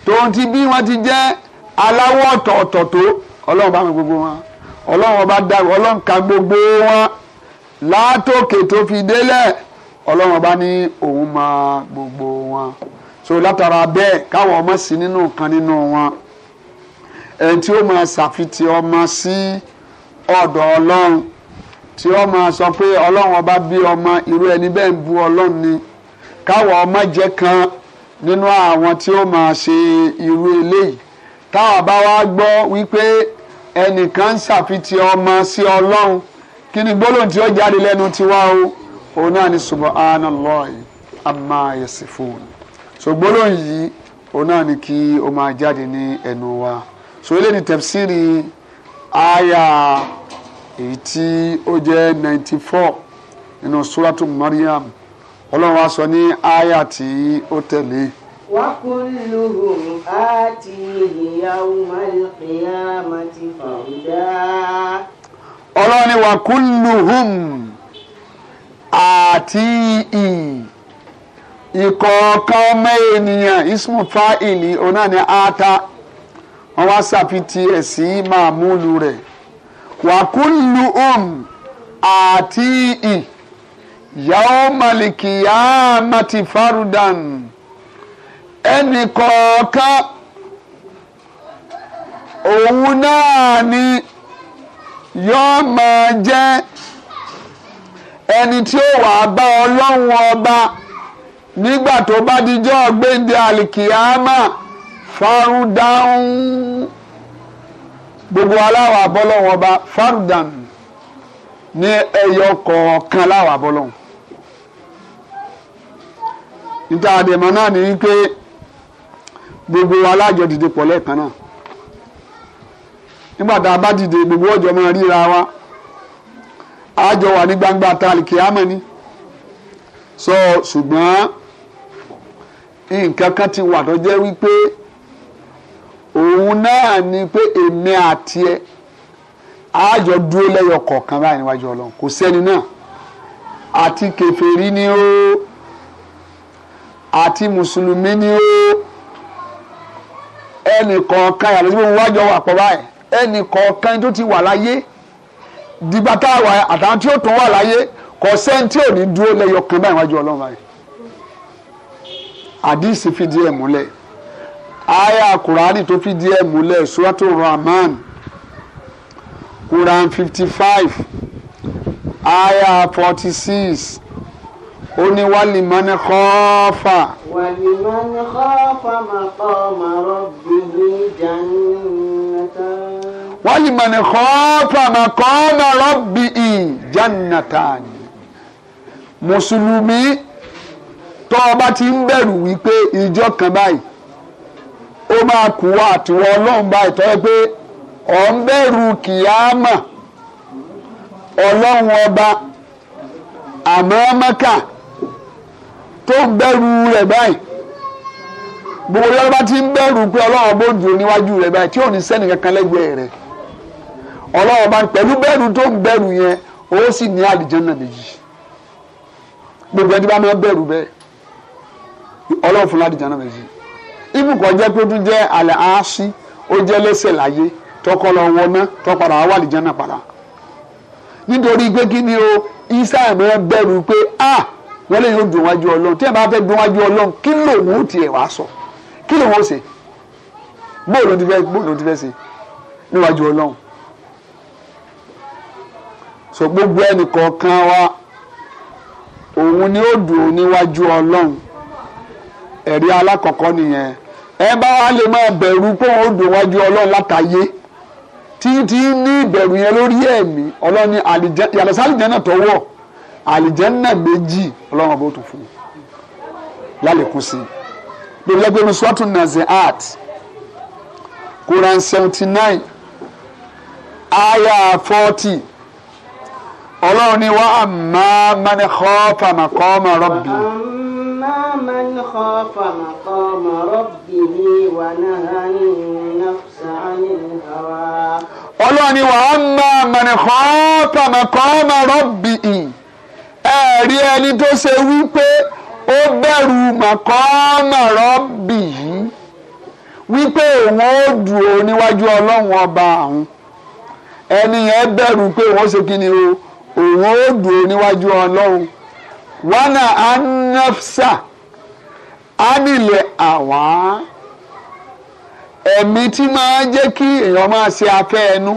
tòun ti bí wọ́n ti jẹ́ aláwọ̀ ọ̀tọ̀ọ̀tọ̀ tó ọlọ́run bá mọ̀ gbogbo wọn ọlọ́run ọba dá ọlọ́run ka gbogbo wọn látòkè tó fi délẹ̀ ọlọ́run ọba ní òun mọ̀ gbogbo wọn so látara bẹ́ẹ̀ káwọn ọmọ sí nínú kan nínú wọn ẹni tí ó máa ṣàfitì ọmọ sí ọ̀dọ̀ ọlọ́run tí ó máa sọ pé ọlọ́run ọba bí ọmọ irú ẹni bẹ́ẹ̀ ń bu ọlọ́run ni káwọ ọmọ jẹ́ kan nínú àwọn tí ó máa ṣe irú eléyìí táwa bá wá gbọ́ wípé ẹnìkan ń ṣàfitì ọmọ sí ọlọ́run kí ni gbólóhùn tí ó jáde lẹ́nu tiwa o òun náà ni subhanallahi amma yasifun so gbólóhùn yìí òun náà ni kí ó máa jáde ní ẹnu wa so eléyìí tafsiri àyà èyí tí ó jẹ́ ninety four nínú suratu Maryam ọlọ́run wa sọ ní àyà tí ó tẹ̀lé. وكلهم آتيه يوم القيامة فردا ọlọ́ni wa kulluhum àti ìkọ̀ọ̀kan ọmọ ènìyàn ismu fáìlì ọ̀nà ni ata wọ́n wá ṣàfitì ẹ̀ sí màmúlù rẹ̀ wàkúlù um àti ì yàwó màlìkìyà mati farudan ẹnì kọ̀ọ̀kan òun náà ni yóò máa jẹ́ ẹni tí ó wàá bá ọlọ́run ọba nígbà tó bá dijọ́ gbéǹde àlìkìyàmà farudan gbogbo aláwọ̀ abọ́lọ́wọ́ ọba fardan ní ẹyọ kọ̀ọ̀kan láwọ̀ abọ́lọ́wọ́ níta àdèmọ̀ náà ní pé gbogbo alájọ dìde pọ̀ lẹ́ẹ̀kan náà nígbà tá a bá dìde gbogbo ọjọ́ máa ríra wa àjọ wà ní gbangba tàlìkì àmọ́ni sọ ṣùgbọ́n nǹkan kan ti wà tó jẹ́ wípé òun náà ni pé èmi àti ẹ àjọ dúró lẹ́yọ kọ̀ọ̀kan báyìí níwájú ọlọ́run kò sẹ́ni náà àti kèfèrí ni ó àti mùsùlùmí ni ó ẹnì kọ̀ọ̀kan yàtọ̀ sí pé wájọ wà pọ̀ báyìí ẹnì kọ̀ọ̀kan tó ti wà láyé dìgbà tá a wà àtàwọn tí ó tún wà láyé kò sẹ́ni tí ò ní dúró lẹ́yọ kan báyìí níwájú ọlọ́run báyìí àdìsí fìdí ẹ̀ múlẹ̀ aya kùránì tó fìdí ẹ̀ múlẹ̀ suratu rahman quran fifty five aya forty six ó ní wálé mọ́ni kọ́ọ́fà. wálé mọ́ni kọ́ọ́fà maqama rabbihi jannatan. wálé mọ́ni kọ́ọ́fà maqama rabbihi jannatan. mùsùlùmí tó o bá ti ń bẹ̀rù wípé ìjọ kan báyìí ó máa kú wa àtiwọ́ ọlọ́run báyìí tọ́ ẹ pé ọ̀ ń bẹ̀rù ọlọ́run ọba àmọ́ mẹ́kà tó ń bẹ̀rù rẹ̀ báyìí gbogbo yọrọ bá ti ń bẹ̀rù pé ọlọ́run bó dùn níwájú rẹ̀ báyìí tí ò ní sẹ́ni kankan lẹ́gbẹ̀ẹ́ rẹ̀ ọlọ́run pẹ̀lú bẹ̀rù tó ń bẹ̀rù yẹn ó sì ní gbogbo ẹni bá máa bẹ̀rù bẹ́ẹ̀ ibùkọ́ jẹ́ pé ó tún jẹ́ àlẹ́ àásí ó jẹ́ lẹ́sẹ̀ láyé tọkọ lọ wọná tọpadà wà lè jẹ́nà padà nítorí pé kí ni o Ísírẹ́lì mọ́ bẹ̀rù pé a wọ́n lè yóò dùn wájú ọlọ́run tí ẹ bá fẹ́ dùn wájú ọlọ́run kí lòun ó tiẹ̀ wá sọ kí lòun ó ṣe bóòlù ti fẹ́ bóòlù ti fẹ́ ṣe níwájú ọlọ́run so gbogbo ẹnì kọ̀ọ̀kan wa òun ni ó dùn níwájú ọlọ́run ẹ̀rí alákọ̀ọ́kọ́ nìyẹn ẹ bá wa lè máa bẹ̀rù pé òun ó dùn wájú ọlọ́run látàyé títí ní ìbẹ̀rù yẹn lórí ẹ̀mí ọlọ́run ní yàtọ̀ sí àlìjẹ́nà tọ́wọ́ àlìjẹ́nà méjì ọlọ́run ọba ó tún fún un lálẹ́kùn sí i lórí ẹgbẹ́ sọ́tún nàzẹ́ art Quran seventy nine aya forty ọlọ́run ní wa àmà mẹ́ni kọ́ fàmà kọ́ ọmọ rọ́bì. أما من خاف مقام ربه ونهى النفس عن الهوى ọlọ́ni wa ọmọ mẹ̀nìkan kàmẹ́kọ́mọ rọ́bì ì ẹ̀rí ẹni tó ṣe wípé ó bẹ̀rù mẹ̀kọ́mọ rọ́bì yìí wípé òun ó dúró níwájú ọlọ́run ọba àwọn ẹni yẹn bẹ̀rù pé òun ó ṣe kí ni o òun ó dúró níwájú ọlọ́run wana anáfsà amile awa emi ti máa jẹ́ kí èèyàn máa ṣe afẹ́ ẹnu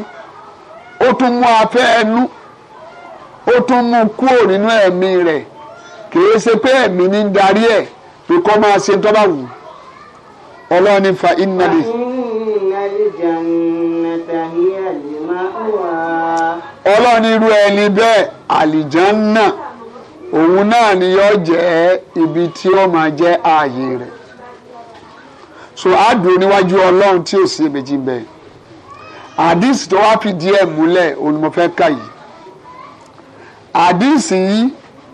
ó tún mú afẹ́ ẹnu ó tún mú kúrò nínú ẹ̀mí pe kìí ṣe pé ẹ̀mí ní darí ẹ̀ pé kọ́ máa ṣe tó bá wù fa òun náà ni yóò jẹ́ ibi tí ó máa jẹ́ ààyè rẹ̀ so á dúró níwájú ọlọ́run tí ò sí èméjì bẹ́ẹ̀ àdìsí tó wá fìdí ẹ̀ múlẹ̀ òun ni mo fẹ́ kà yìí àdìsí yìí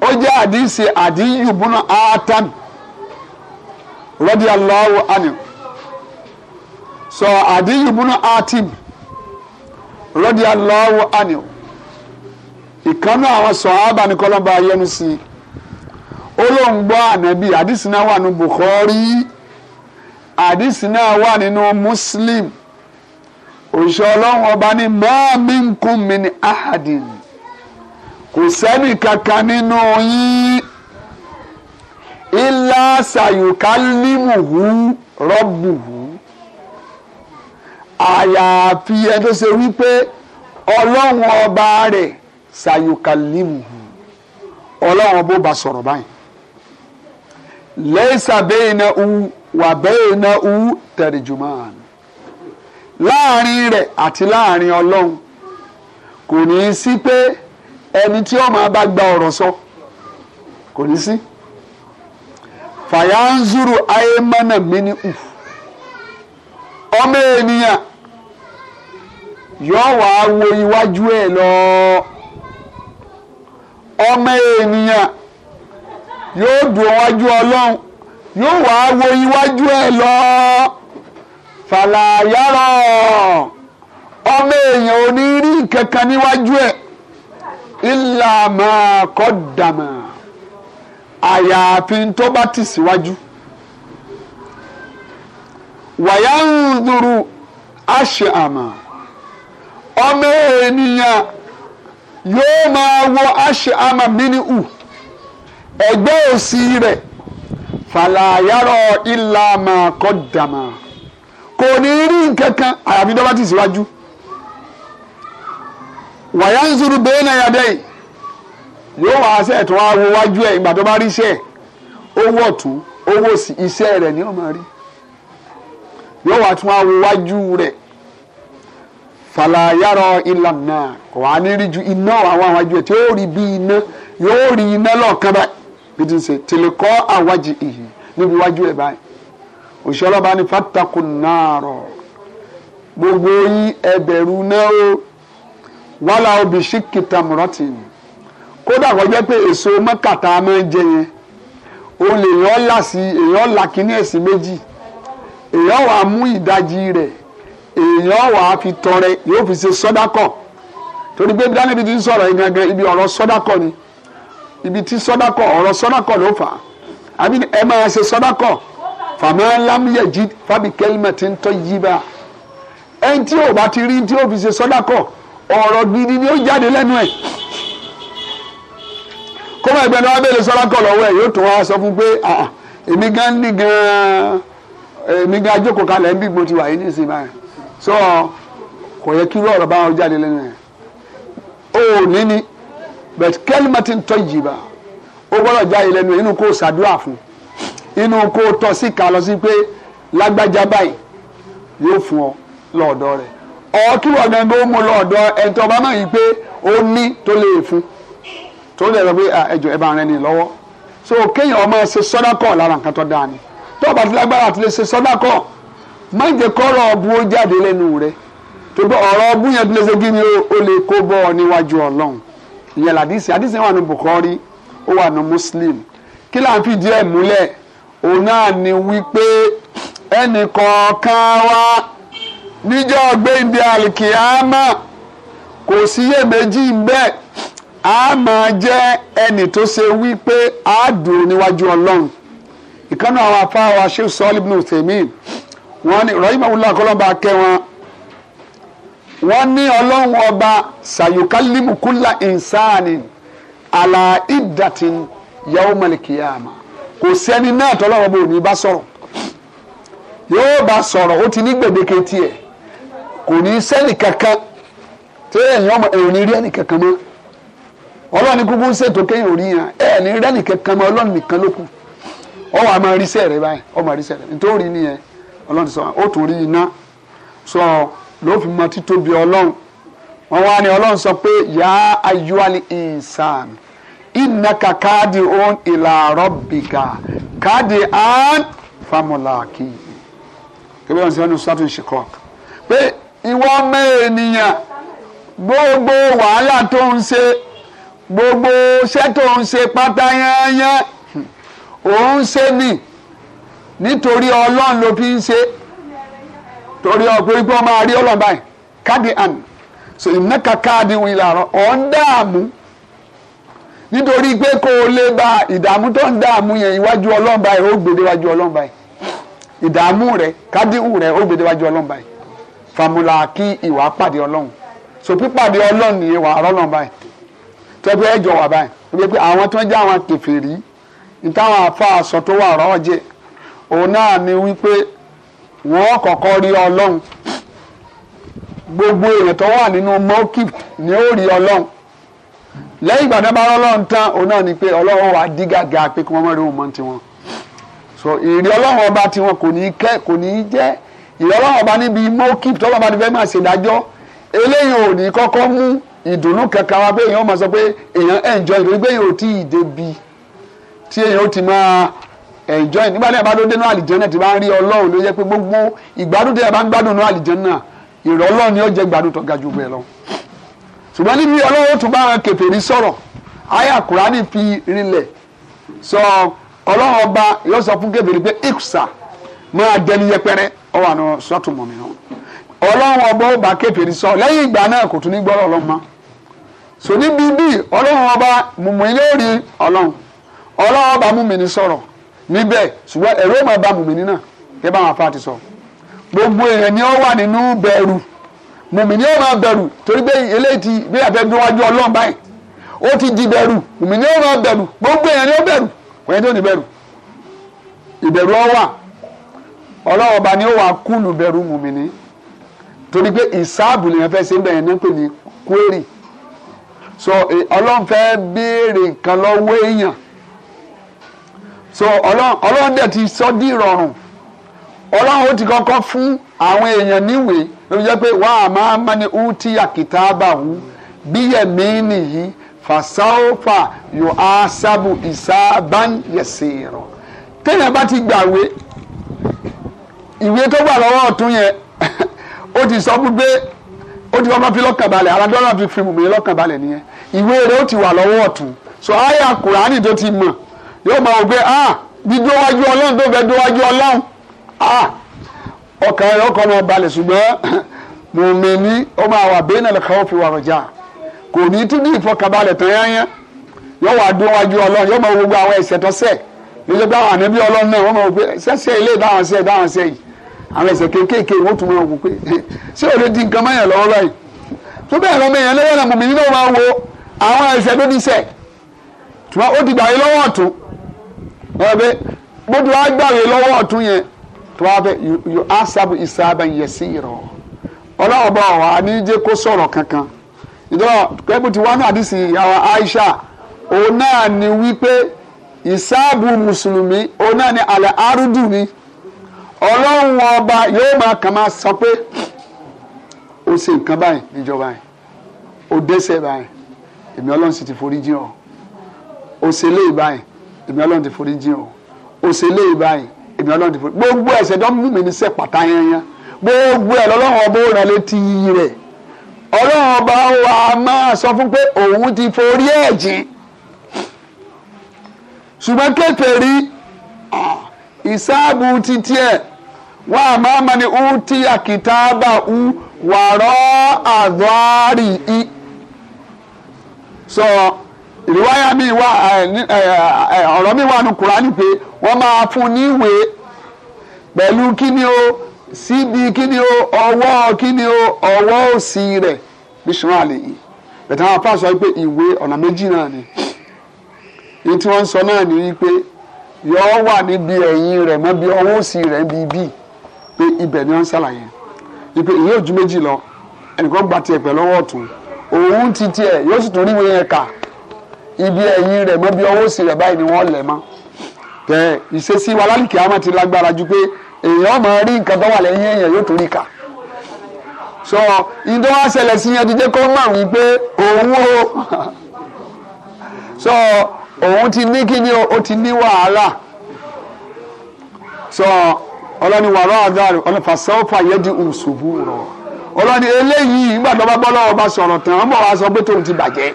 ó jẹ́ àdìsí àdìyúbùnà àátàn radiyallahu anhu so àdìyúbùnà àátìm radiyallahu anhu. ìkànnì àwọn sọ̀hábà ní kọ́lọ́mbà ayẹ́nu sí i ànábì náà wà nínú wà nínú Muslim òṣìṣẹ́ ọlọ́run ọba ní mọ́ọ̀mí ní ahadin kò sẹ́ni kankan nínú yín ilá sayukalimuhu rọ́bùhù àyàfi tó ṣe wípé ọlọ́run ọba rẹ̀ sayukalimu ọlọ́run bó ba sọ̀rọ̀ báyìí lẹ́sà bẹ́ẹ̀ na u wà bẹ́ẹ̀ na u tẹ̀rìjùmọ́n láàrin rẹ̀ àti láàrin ọlọ́run kò ní í sí pé ẹni tí ó máa bá gba ọ̀rọ̀ sọ kò ní í sí fàyánzúrù ayé mọ́nà mi ní u ọmọ ènìyàn yóò wá wo iwájú ẹ̀ lọ́ọ́ ọmọ ènìyàn yóò dùn wájú ọlọ́run yóò wá wo iwájú ẹ lọ fàlàyàrá ọmọ èèyàn ò ní rí kankan níwájú ẹ ìlànà kọdàmà àyàfi tó bá ti síwájú wàyà ń dùrù àṣẹ àmà ọmọ ènìyàn. yóò máa wo aṣọ àmà mínú ẹgbẹ́ òsì rẹ̀ fàlàyàrọ̀ ìlà máa kọ́ dàmà kò ní rí nǹkan kan àyàfi dọ́bà tì síwájú wàyà ń zuru bẹ́ẹ̀ náà yàdẹ́ yóò wá aṣẹ́ ẹ̀ tó wá wo wájú ẹ̀ ìgbà tó bá rí iṣẹ́ ni ó máa rí yóò wá tún wá wo fàlàyàrọ ìlànà kò wá ní rí ju iná àwọn àwọn àjò tí ó rí bí iná yóò rí iná lọ́ọ̀kan báyìí bí ti ń ṣe tèlèkọ́ àwájì ìhì níbi iwájú ẹ̀ báyìí òṣìṣẹ́ ọlọ́ba ní fàtàkùn náà gbogbo yín ẹ náà o wàhálà obì ṣìkìtà mùrọ̀tì kódà kó pé èso mọ́kàtà máa ń jẹ yẹn òun lèèyàn là sí èèyàn là kíní ẹ̀sìn méjì èèyàn wà mú ìdajì rẹ̀ èèyàn wà á fi tọrẹ yóò fi ṣe sọdákọ torí pé dání ibi tí ń sọ̀rọ̀ yìí gangan ibi ọ̀rọ̀ sọdákọ ni ibi tí sọdákọ ọ̀rọ̀ sọdákọ ló fà á àbí ẹ máa ṣe sọdákọ fàmọ́ lámúyẹ̀jì fábí kẹ́límẹ̀ tí ń tọ́ yí bá ẹni tí ò bá ti rí tí ó fi ṣe sọdákọ ọ̀rọ̀ gidi ni ó jáde lẹ́nu ẹ̀ kó máa gbẹ̀dọ̀ abẹ́lé sọdákọ lọ́wọ́ ẹ̀ yóò tún wá sọ fún pé èmi gan ní gan èmi gan ajókòó kalẹ̀ ń bí gbòtiwà yìí ní ìsinmi báyìí so kò yẹ kí wọ́ọ̀rọ̀ bá wọn jáde lẹ́nu ẹ̀ o ò ní ni but kẹ́límẹ́tì ń tọ́ ìjìbá ó gbọ́dọ̀ jáde lẹ́nu inú kó ṣàdúrà fún inú kó tọ́ sí ká lọ sí pé lágbájá báyìí yóò fún ọ lọ́ọ̀dọ́ rẹ̀ ọ̀ kí wọ́n gan bó mú lọ́ọ̀dọ́ ẹni bá mọ̀ yìí pé ó ní tó lè fún tó lè rẹ pé ẹjọ́ ẹ bá rẹ ní lọ́wọ́ so kéèyàn ọmọ ṣe sọ́dákọ̀ lára nǹkan tó dáa ni tó bá ti lágbára àti lè ṣe sọ́dákọ̀ má jẹ́ kọ́rọ̀ ọbú ó jáde rẹ tó ọrọ ọbú yẹn tó kí ni ó lè kó bọ́ ọ níwájú ọlọ́run ìyẹn làdísì àdísì wà ó wà kí là ń fi òun náà ni wípé ẹnì kọ̀ọ̀kan wa níjọ́ ndị alikiyama kò mbẹ a máa ẹnì tó wípé a dùn níwájú ìkànnì àwọn wọ́n ní rahimahullah kọ́lọ́ba kẹ́ wọn wọ́n ní ọlọ́run ọba sayukalimu kula insani ala idatin yawmal qiyama kò sẹ́ni náà tọ́lọ́run ọba ò ní bá sọ̀rọ̀ yóò bá sọ̀rọ̀ ó ti ní gbèdéke tiẹ̀ kò ní sẹ́ni kankan tí èèyàn ọmọ èèyàn ní rí ẹnì kankan mọ́ ọlọ́run kúkú ń ṣètò kéèyàn ò rí yàn ẹ̀ ní rí ẹnì kankan mọ́ ọlọ́run nìkan ló kù ọwọ́ àmọ́ rí sẹ́ẹ̀rẹ́ báyìí ọmọ rí sẹ́ẹ̀rẹ́ nítorí nìyẹn ọlọ́run ti sọ ó tún rí iná sọ ló fi mọ títóbi ọlọ́run wọn wá ní ọlọ́run sọ pé yà á ayúwálì ìsàn ìnaka káàdì òun ìlà rọ́bìkà káàdì án famulaki kébé wọn sì wọn ní sọ́tún ìṣìkọ́ pé ìwọ mẹ́ẹ̀ẹ́nìyàn gbogbo wàhálà tó ń ṣe gbogbo iṣẹ́ tó ń ṣe pátá yányán òun ṣe nìyí nítorí ọlọ́run ló fi ń ṣe torí ọkùnrin pé wọ́n máa rí ọlọ́run báyìí káàdì àn so ìnáka káàdì wọn ìlànà ọ̀ ń dààmú nítorí pé kó o lè ba ìdààmú tó ń dààmú yẹn iwájú ọlọ́run báyìí ó gbèdé iwájú ọlọ́run báyìí ìdààmú rẹ káàdì ù rẹ ó gbèdé iwájú ọlọ́run báyìí fàmùlà kí ìwà pàdé ọlọ́run so pípàdé ọlọ́run nìyẹn wà ọlọ́run báyìí tó pé ẹjọ wà báyìí tó pé àwọn tó ń jẹ́ àwọn kèfèrí ní táwọn àfa àsọ tó wà ọ̀rọ̀ òun náà ni wípé wọ́n kọ́kọ́ rí ọlọ́run gbogbo èèyàn tó wà nínú mokip ni ó rí ọlọ́run lẹ́yìn ìgbà tó bá rọ́ ọlọ́run tán òun náà ni pé ọlọ́run wà dí pé kí wọ́n mọ̀ rí òun tiwọn so ìrí ọlọ́run ọba tiwọn kò ní kẹ́ kò ní jẹ́ ìrí ọlọ́run ọba níbi mokip tó ọlọ́run bá ti fẹ́ máa ṣèdájọ́ eléyìí ò ní kọ́kọ́ mú ìdùnnú kankan wa pé èèyàn máa sọ pé èèyàn enjoy ìdùnnú pé èèyàn ò tí ì débi tí èèyàn ó ti máa enjoy nígbà tí a bá tó dénú àlìjẹ́nà tí bá ń rí ọlọ́run ló pé gbogbo ìgbádùn tí a bá ń gbádùn àlìjẹ́nà ni ó jẹ́ gbádùn tó ga jù bẹ́ẹ̀ lọ. ṣùgbọ́n níbi ọlọ́run tó bá kèfèrí sọ̀rọ̀ sọ ọlọ́run ọba ọba ó bá sọ lẹ́yìn ìgbà náà kò tún ní ọlọ́run so níbi ọlọ́run ọba níbẹ̀ ṣùgbọ́n ẹ̀rọ máa bá mùmíní náà yẹ bá wọn ti sọ gbogbo èèyàn ni ó wà nínú bẹ̀rù mùmíní ó máa bẹ̀rù torí pé eléyìí ti bí àfẹnudọ́wájú ọlọ́run báyìí ó ti di bẹ̀rù ó máa bẹ̀rù gbogbo èèyàn ni ó bẹ̀rù kò yẹ ó ní bẹ̀rù ìbẹ̀rù ọ wà ni ó wà bẹ̀rù torí pé ìsáàbù fẹ́ ṣe so ọlọ́run so ọlọ́run dẹ̀ ti sọ dí ìrọ̀rùn ọlọ́run ó ti kọ́kọ́ fún àwọn èèyàn níwèé ló jẹ́ pé wà máa má ní ú tí àkìtà bá wú bíyẹ̀mí nìyí fàṣàófà yóò á sábù ìsábáyẹsẹ̀ téèyàn bá ti gbàwé ìwé tó gbà lọ́wọ́ ọ̀tún yẹn (laughs) ó ti sọ ó ti kọ́kọ́ fi fi fi mùmí nìyẹn ìwé rẹ̀ ó ti wà lọ́wọ́ ọ̀tún so àyà kùránì tó yóò máa wò pé ah dídówájú ọlọ́run tó fẹ́ dówájú ọlọ́run ah ọkàn rẹ̀ ọkàn máa balẹ̀ ṣùgbọ́n (laughs) mùmíní ó máa wà bẹ́ẹ̀ náà lọ́kàn ó fi wà rọ̀jà kò ní tún ní ìfọkànbalẹ̀ tán yányán yóò wá dówájú ọlọ́run yóò máa wo gbogbo àwọn ẹ̀ṣẹ̀ tó ṣẹ̀ lójú pé àwọn ànábí ọlọ́run náà wọ́n máa wò pé sẹ́sẹ́ ilé dáhùn sẹ́ dáhùn sẹ́ yìí àwọn ẹ̀ṣẹ̀ kéékèèké wọ́n tún máa wò pé (laughs) ṣé ò lè di nǹkan mọ́yàn lọ́wọ́ báyìí tó bẹ́ẹ̀ lọ́mọ èèyàn lẹ́yìn náà mùmíní náà wo àwọn ẹ̀ṣẹ̀ tó ti ṣẹ̀ tùmọ̀ ó ti gbà yín lọ́wọ́ ọ̀tún wọ́n bẹ bó ti wá gbàwé yẹn tó wá bẹ yóò ásábù ìsábà yẹ sí kankan ìjọba pẹ́bù ti àdìsí Aisha òun náà ni wípé isabu mùsùlùmí òun náà ni àlẹ́ arúdù ni ọlọ́run ọba yóò máa kàn máa sọ pé ó ṣe nǹkan báyìí níjọba yìí ó báyìí èmi èmi ọlọ́run ti forí jìn o òṣèlè báyìí èmi ọlọ́run ti forí gbogbo ẹ̀ṣẹ̀ tó mú mi ní sẹ́ pàtà yanyan gbogbo ẹ̀ lọ́lọ́run ọba òràn létí rẹ̀ ọlọ́run ọba wa máa sọ fún pé òun ti forí ẹ̀ jìn ṣùgbọ́n kèfèrí ìsáàbù títí ẹ̀ wọ́n a máa ma ni ó ti àkìtàbà ń wàrọ̀ àdọ́rì í sọ. So, ìrìwáyà mi wà eh, eh, eh, ọ̀rọ̀ mi wà nù kúránì pé wọ́n máa fún níwèé pẹ̀lú kíni o síbi kíni o ọwọ́ kíni o ọwọ́ òsì rẹ̀ bíṣúná àlè bẹ̀tẹ̀ àwọn apá sọ pé ìwé ọ̀nà méjì náà ni èyí tí wọ́n ń sọ náà ni wípé yọ wà níbi ẹ̀yìn rẹ̀ mọ́ bí ọwọ́ òsì rẹ̀ bí bí pé ibẹ̀ ni wọ́n ń ṣàlàyé wípé ìwé ojú méjì lọ ẹnìkan gba tiẹ̀ pẹ̀lú ọwọ́ ọ̀tún òun ti tiẹ̀ yóò sì tún ríwèé yẹn kà ibi ẹ̀yìn rẹ̀ mọ́ bí ọwọ́ òsì rẹ̀ báyìí ni wọ́n lẹ̀ mọ́ tẹ ìṣesí wa lálùkì àmọ́ ti lágbára ju pé èèyàn máa rí nǹkan tó wà lẹ́yìn èèyàn yóò torí kà so ìdó wa ṣẹlẹ̀ sí yẹn ti jẹ́ kó mọ̀ wípé òun o so òun ti ní kíni o ti ní wàhálà so ọlọ́ni wàrà àdáàrú ọlọ́fà sọ́ọ̀fà yẹn di òṣùbù rọ̀ ọlọ́ni eléyìí ìgbàdọ́gbà bọ́lá ọba sọ̀rọ̀ tán ọmọ wa sọ pé tóun ti bàjẹ́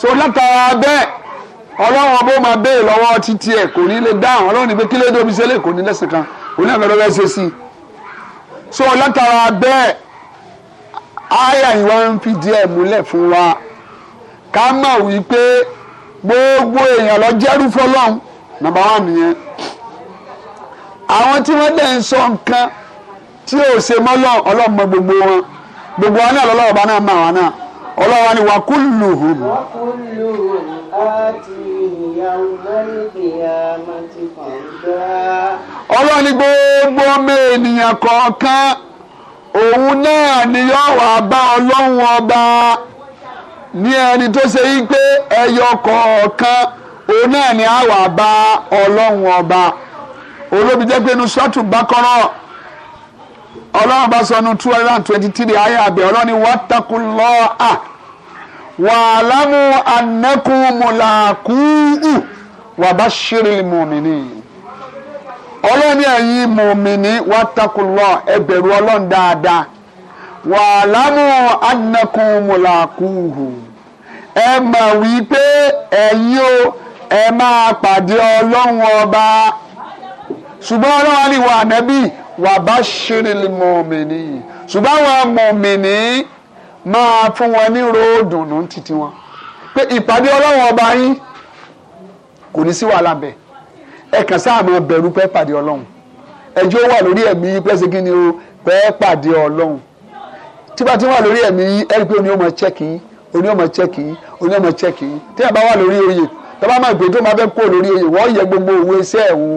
so látara abẹ ọlọrun ọbọ̀ máa béè títí ẹ kò ní lè dáhùn ọlọ́run ní pé kí omi kò ní kan kò ní àgbẹ̀dọ́ ṣe so látara abẹ àyà ń fi ẹ múlẹ̀ fún wa ká mọ̀ wípé gbogbo èèyàn lọ nàbà wà nìyẹn àwọn tí ń sọ nǹkan gbogbo wọn gbogbo wọn náà bá náà mọ àwọn náà. ọlọ́wà ni wàkúlùhùn. wàkúlùhùn àti ìyàwó ni gbogbo ọmọ ènìyàn kọ̀ọ̀kan òun náà ni yóò wà bá ọlọ́run ọba ní ẹni tó ṣe yí pé ẹyọ kọ̀ọ̀kan òun náà ni a bá ọlọ́run ọba olóbi jẹ́ ọlọ́run bá sọ 223 two hundred and twenty three ayé àbẹ̀ ọlọ́run ni wattaqullaha wa'lamu annakum mulaquhu wa bashiril mu'minin ọlọ́run ni ẹ̀yin mùmìnì wattaqullaha ẹ bẹ̀rù ọlọ́run dáadáa ẹ mọ̀ ẹ máa pàdé ọlọ́run ọba. ṣùgbọ́n ọlọ́wọ́ ni wà nẹ́bí wà bá ṣírí mọ̀mìnì ṣùgbọ́n àwọn mọ̀mìnì máa fún wọn ní ròódùnú títí wọn pé ìpàdé ọlọ́wọ́ ọba yín kò ní sí wàhálà bẹ́ẹ̀ ẹ kàn sáà máa bẹ̀rù pé pàdé ọlọ́run ẹjọ́ wà lórí ẹ̀mí yín pẹ́sẹ́ kí ni o pé pàdé ọlọ́run tíba tí wà lórí ẹ̀mí yín ẹ̀rí pé oní ọmọ chẹ́kì yín oní ọmọ chẹ́kì yín oní ọmọ chẹ́kì yín tí ẹ bá wà lórí oyè tọ́ máa gbé tó máa fẹ́ kó lórí oyè wọ́n yẹ gbogbo òwe iṣẹ́ ẹ̀ wò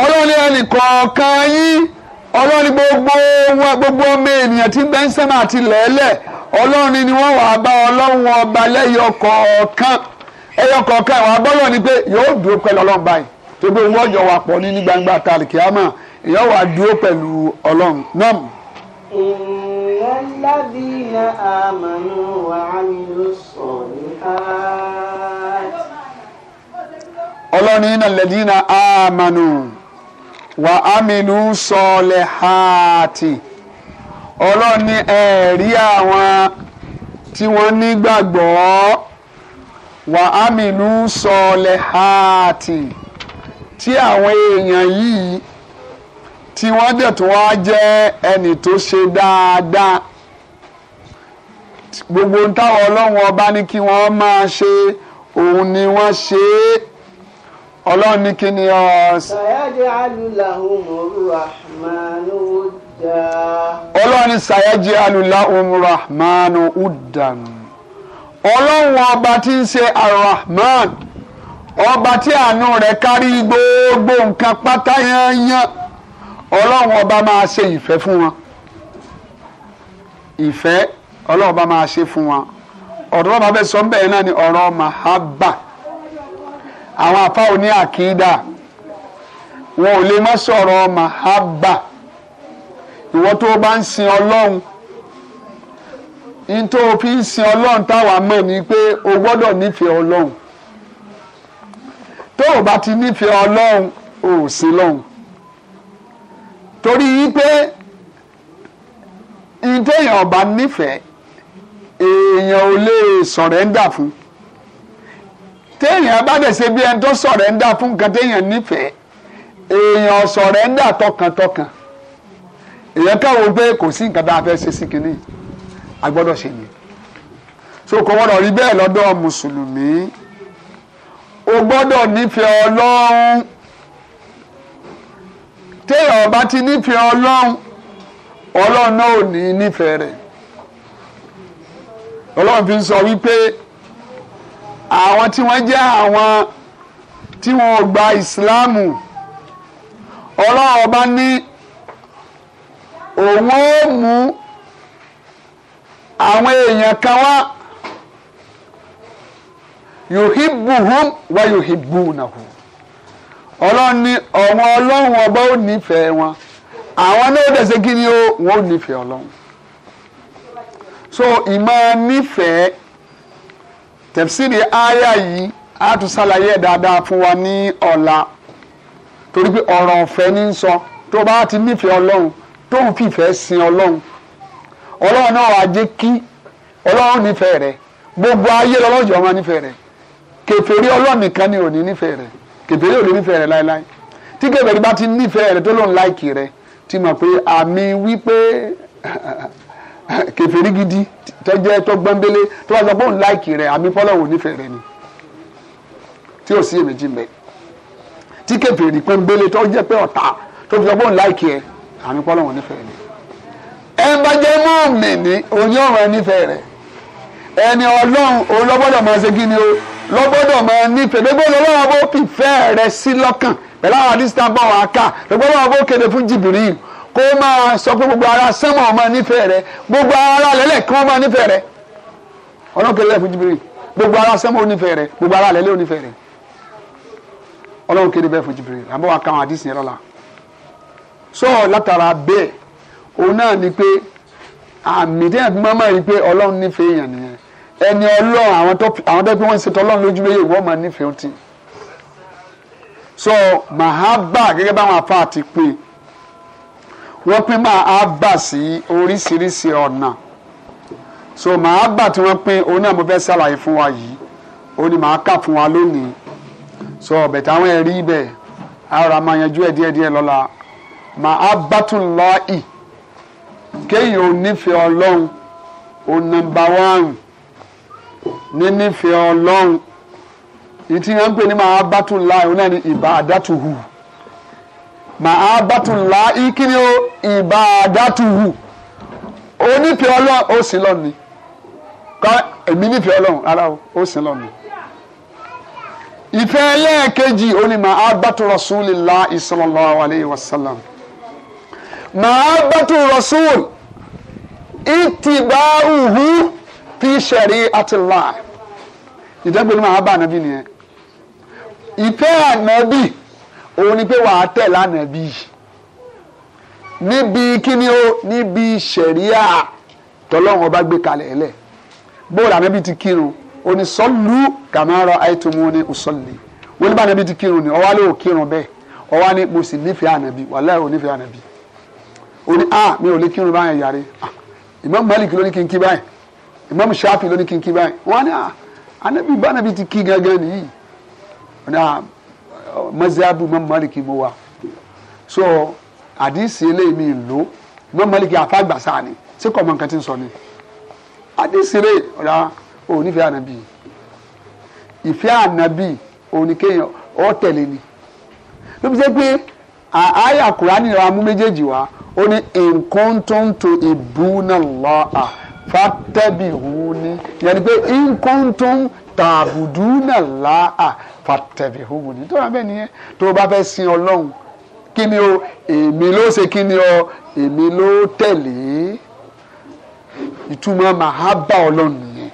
ọlọ́run ẹnì kọ̀ọ̀kan yín ọlọ́run gbogbo wọn gbogbo ọmọ ènìyàn ti ń ń àti lẹ́lẹ̀ ọlọ́run ni wọ́n wàá bá ọlọ́run ọba lẹ́yọ kọ̀ọ̀kan ẹyọ kọ̀ọ̀kan ìwà bọ́lọ̀ ni pé yóò dúró pẹ̀lú ọlọ́run báyìí tó gbé wà pọ̀ ní ní ọlọ́ni iná lẹ́dínà àmànù wà ámìlú sọlẹ̀ hàtì ọlọ́ni ẹ̀rí àwọn tí wọ́n nígbàgbọ́ wà ámìlú sọlẹ̀ hàtì tí àwọn èèyàn yìí tí wọ́n dẹ̀ tún wá jẹ́ ẹni tó ṣe dáadáa gbogbo táwọn ọlọ́run ọba ní kí wọ́n máa ṣe òun ni wọ́n ṣe é ọlọ́run ní kí ni ọ. sayaj'alu lahumur rahmanu wudda. ọlọ́run ní sayaj'alu lahumur rahmanu uddan. ọlọ́run ọba tí ń ṣe arahman ọba tí àánú rẹ̀ kárí gbogbo nǹkan pátá yányán ọlọ́run ọba máa ṣe ìfẹ́ fún wọn ìfẹ́ ọlọ́run ọba máa ṣe fún wọn ọ̀dọ́ bàbá fẹ́ sọ ń bẹ̀rẹ̀ náà ni ọ̀rọ̀ mahaba àwọn àfa òní àkídà wọn ò lè má sọ̀rọ̀ mahaba ìwọ tó bá ń sin ọlọ́run ní tó fi ń sin ọlọ́run táwa mọ̀ ni pé o gbọ́dọ̀ nífẹ̀ẹ́ ọlọ́run tó o bá ti nífẹ̀ẹ́ ọlọ́run o ò sí lọ́run torí wípé ní téèyàn bá nífẹ̀ẹ́ èèyàn ò lè sọ̀rẹ́ńdà fún un téèyàn bá dẹ̀ ṣe bí ẹni tó sọ̀rẹ́ńdà fún nǹkan téèyàn nífẹ̀ẹ́ èèyàn sọ̀rẹ́ńdà tọkàntọkàn èèyàn káwọn pé kò sí nǹkan tá a fẹ́ ṣe sí kinní a gbọ́dọ̀ ṣe ni so kò gbọ́dọ̀ rí bẹ́ẹ̀ lọ́dọ̀ mùsùlùmí o gbọ́dọ̀ nífẹ̀ẹ́ ọlọ́run téèyàn bá ti nífẹ̀ẹ́ ọlọ́run ọlọ́run náà ò ní nífẹ̀ẹ́ rẹ̀ ọlọ́run fi ń sọ wípé. àwọn tí wọ́n jẹ́ àwọn tí wọ́n gba ìsìláàmù ọlọ́run ní òun ó mú àwọn èèyàn kan wá yuhibbuhum wa ọlọ́run ní ọ̀wọ́n ọlọ́run ọba ó nífẹ̀ẹ́ wọn àwọn náà dẹ̀ kí ni ó wọ́n ó tẹ̀síìrì àyà yìí á tún ṣàlàyé ẹ̀ dáadáa fún wa ní ọ̀la torí pé ọ̀rọ̀ ọ̀fẹ́ ní ń sọ tó bá ti nífẹ̀ẹ́ ọlọ́run tó ń fìfẹ́ sin ọlọ́run ọlọ́run náà wàá jẹ́ kí ọlọ́run nífẹ̀ẹ́ rẹ gbogbo ayé lọ́lọ́jọ́ máa nífẹ̀ẹ́ rẹ kèfèrí ọlọ́run nìkan ni ò ní nífẹ̀ẹ́ rẹ kèfèrí ò ní nífẹ̀ẹ́ rẹ láéláé tí kèfèrí bá ti nífẹ̀ẹ́ rẹ tó lóun láìkì rẹ ti mọ̀ pé àmì wípé (laughs) kèfèrí gidi tọ́jẹ́ tó gbọ́nbélé tó bá sọ pé òun láìkì rẹ̀ àmì fọlọ́hùn nífẹ̀ẹ́ rẹ̀ ni tí ò sí èméjì mẹ́ tí kèfèrí pọ́nbélé tọ́jẹ́ pé ọ̀tá tó fi sọ pé òun láìkì ẹ̀ àmì fọlọ́hùn nífẹ̀ẹ́ rẹ̀ ẹ bá jẹ́ mọ́ọ̀mì ní oní ọ̀rọ̀ ẹ nífẹ̀ẹ́ rẹ̀ ẹni ọlọ́run òun lọ́gbọ́dọ̀ máa ṣe kí ni o lọ́gbọ́dọ̀ máa nífẹ̀ẹ́ gbogbo ọlọ́run bó fìfẹ́ rẹ̀ sí lọ́kàn pẹ̀lú àwọn àdìsítà bọ̀ wá ká gbogbo ọlọ́run bó kéde fún jìbìrì yìí kó máa sọ pé gbogbo ara sánmọ̀ ọmọ nífẹ̀ẹ́ rẹ gbogbo ara lẹ́lẹ̀ kí wọ́n máa nífẹ̀ẹ́ rẹ ọlọ́run kẹlẹ́ lẹ́fún jìbìrì gbogbo ara sánmọ̀ onífẹ̀ẹ́ rẹ gbogbo ara lẹ́lẹ̀ onífẹ̀ẹ́ rẹ ọlọ́run kẹlẹ́ bẹ́ẹ̀ fún jìbìrì àbọ̀ wa káwọn àdìsìn yẹn lọ́la sọ látara bẹ́ẹ̀ òun náà ni pé àmì tẹ́yàn fi máa máa i pé ọlọ́run nífẹ̀ẹ́ èèyàn nìyẹn ẹni ọlọ́run àwọn tó àwọn tó pé wọ́n ń ṣe tọ́lọ́run lójú méjì wọ́n máa nífẹ̀ẹ́ ọtí so wọ́n pín máa bà sí oríṣiríṣi ọ̀nà so màá bà tí wọ́n pín òun náà mo fẹ́ ṣàlàyé fún wa yìí òun ni màá kà fún wa lónìí so ọ̀bẹ̀ táwọn ẹ̀rí ibẹ̀ ara máa yanjú ẹ̀ díẹ̀díẹ̀ lọ́la màá bà tún lọ ì kéèyàn ò nífẹ̀ẹ́ ọlọ́run ò nàmbà wáàrùn ní nífẹ̀ẹ́ ọlọ́run ìtìyàn ń pè ní màá bà tún láì òun náà ni ìbá àdàtúhù màábàtúlá ìkíni o ìbàdàtúhù onífẹ̀ẹ́ ọlọ́run ó sì lọ ni ká èmi nífẹ̀ẹ́ ọlọ́run rárá o ó sì lọ ni. ìfẹ́ ẹlẹ́ẹ̀kejì oní màábàtú rasulillahi sallallahu alayhi wa sallam màábàtú rasul ìtìbáhùhù fi shari'atillah ìdẹ́gbẹ̀rún màábà ànábì nìyẹn ìfẹ́ ànábì òun ni pé wàá tẹ̀ lánàá bí níbi kíni o níbi sẹ̀ríà tọ́lọ́run ọba gbé kalẹ̀ ẹ̀lẹ̀ bóòlù ànábì ti kírun ó ní sọ́lù kàmáàrà àìtùmù ní ìsọ̀lì wọ́n ní bá ànábì ti kírun ni ọwá ló kírun bẹ́ẹ̀ ọwá ni mo sì nífẹ̀ẹ́ ànábì wàláhì ò nífẹ̀ẹ́ ànábì ó a ah, mi ò lè kírun báyẹn yàrá ah, Imam Malik ló ní kí n kí báyìí Imam Shafi ló ní kí n kí báyìí wọ́n á ní a ah, ànábì bá ànábì ti kí gángan nìyí mọ́síábù mọ́ mọ́lìkì mo wà so àdìsí eléyìí mi lò mọ́ mọ́lìkì àfàgbàsá ni tí kò mọ nǹkan tí ń sọ ni àdìsí eléyìí ọ̀rá òun nífẹ̀ẹ́ ànábì ìfẹ́ ànábì òun ni kéèyàn ọ̀ tẹ̀lé ni ló fi jẹ́ pé àáyà kùránì ra mú méjèèjì wá ó ní nǹkan tó ń to ìbú náà lọ́ọ́ à fàtẹ́bì hù yẹn ni pé nǹkan tó tààbùdúnà láà fàtẹ̀bí hùwù ní tó rà bẹ́ẹ̀ nìyẹn tó o bá fẹ́ sin ọlọ́run kí ni o èmi ló ṣe kí ni o èmi ló tẹ̀lé ìtumọ̀ màhábà ọlọ́run nìyẹn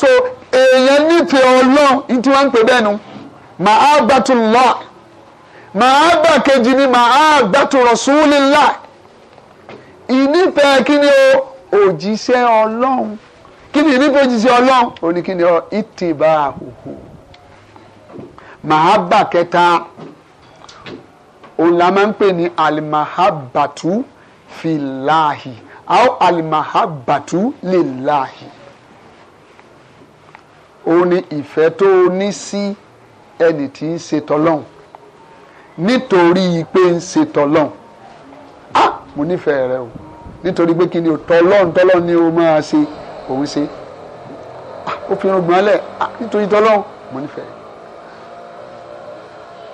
so èèyàn nífẹ̀ẹ́ ọlọ́run ní tí wọ́n ń pè bẹ́ẹ̀ nu màhábàtúlọ́ọ̀ màábà kejì ni màábà tó Rasulillah ìnífẹ̀ẹ́ kí ni o òjíṣẹ́ ọlọ́run kí ni ìbíbó jíṣẹ́ ọlọ́run ó ní kí ni ọ ìtìbà òhù màhábà kẹta òun la máa ń pè ní alimahabatu filahi aw alimahabatu lilahi òun ni ìfẹ́ tó o ní sí ẹni tí ń ṣe tọ́lọ́hún nítorí pé ń ṣe tọ́lọ́hún ah mo nífẹ̀ẹ́ rẹ o nítorí pé kí ni o tọ́lọ́hún tọ́lọ́hún ni o máa ṣe òun ṣe ah, ó fi irun gbọ́n lẹ̀ ah, nítorí tọ́lọ́hún mo nífẹ̀ẹ́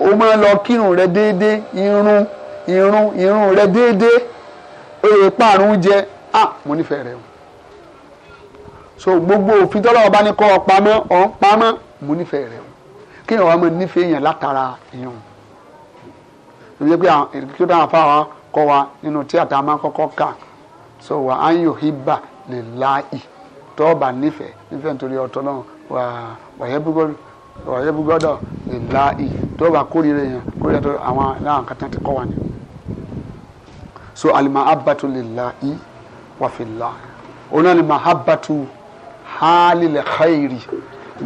o máa lọ kírun rẹ déédé irun irun irun rẹ déédé o lè pààrùn jẹ ah mo nífẹ̀ẹ́ rẹ o so gbogbo òfin tọ́lọ́wọ́ bá ní kọ́ ọ pamọ́ ọ̀ pamọ́ mo nífẹ̀ẹ́ rẹ o kí ìwà máa nífẹ̀ẹ́ èèyàn látara irun lórí pé kí ó dáhùn fáwọn kọ́ wa nínú tíátà máa kọ́kọ́ kà so wà á yòó hibà lè láàyè tọ́ọ̀bà nífẹ̀ẹ́ nífẹ̀ẹ́ nítorí ọ̀tọ̀ náà wà wàyẹ́ búgọ́dọ̀ ìlà ì tọ́ọ̀bà kórìíra èèyàn kórìíra tó àwọn aláwọn kan tán ti kọ́ wa ni. so alima abatu lila i wàfìlà oní alima habatu halilẹ xayiri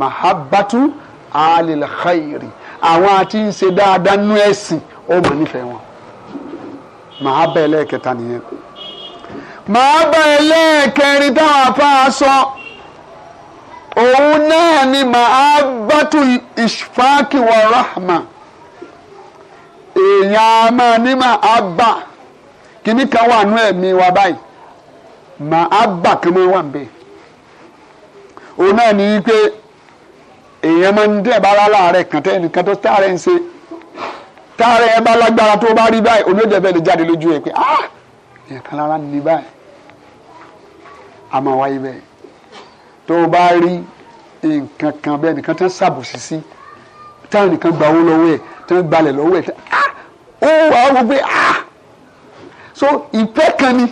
mahabatu halile xayiri àwọn àti ń ṣe dáadáa nú ẹ̀sìn ó mà nífẹ̀ẹ́ wọn mahabẹ́ ẹlẹ́ẹ̀kẹta nìyẹn màá bá ẹlẹ́ẹ̀kẹrin táwọn afáà sọ òun náà ni màá bátú ìṣfáàkì wà ráhmà èèyàn a máa ní màá bà kíní kan wà nú ẹ̀mí wa báyìí màá bà kí wọ́n wà níbẹ̀ òun náà ni pé èèyàn máa ń dẹ̀ bára láàárẹ̀ kan tẹ́ ẹnìkan tó tààrẹ̀ ń ṣe tààrẹ̀ ẹ bá lágbára tó bá rí báyìí olóòjẹ́ bẹ́ẹ̀ lè jáde lójú ẹ̀ pé ah èèyàn kan lára ní báyìí a máa wáyé bẹ́ẹ̀ tó o bá rí nǹkan kan bẹ́ẹ̀ nìkan tán ṣàbòsí sí táwọn nìkan gba owó lọ́wọ́ ẹ̀ tán gbalẹ̀ lọ́wọ́ ẹ̀ ah, ó wà á wò pé ah! so ìfẹ́ kan ni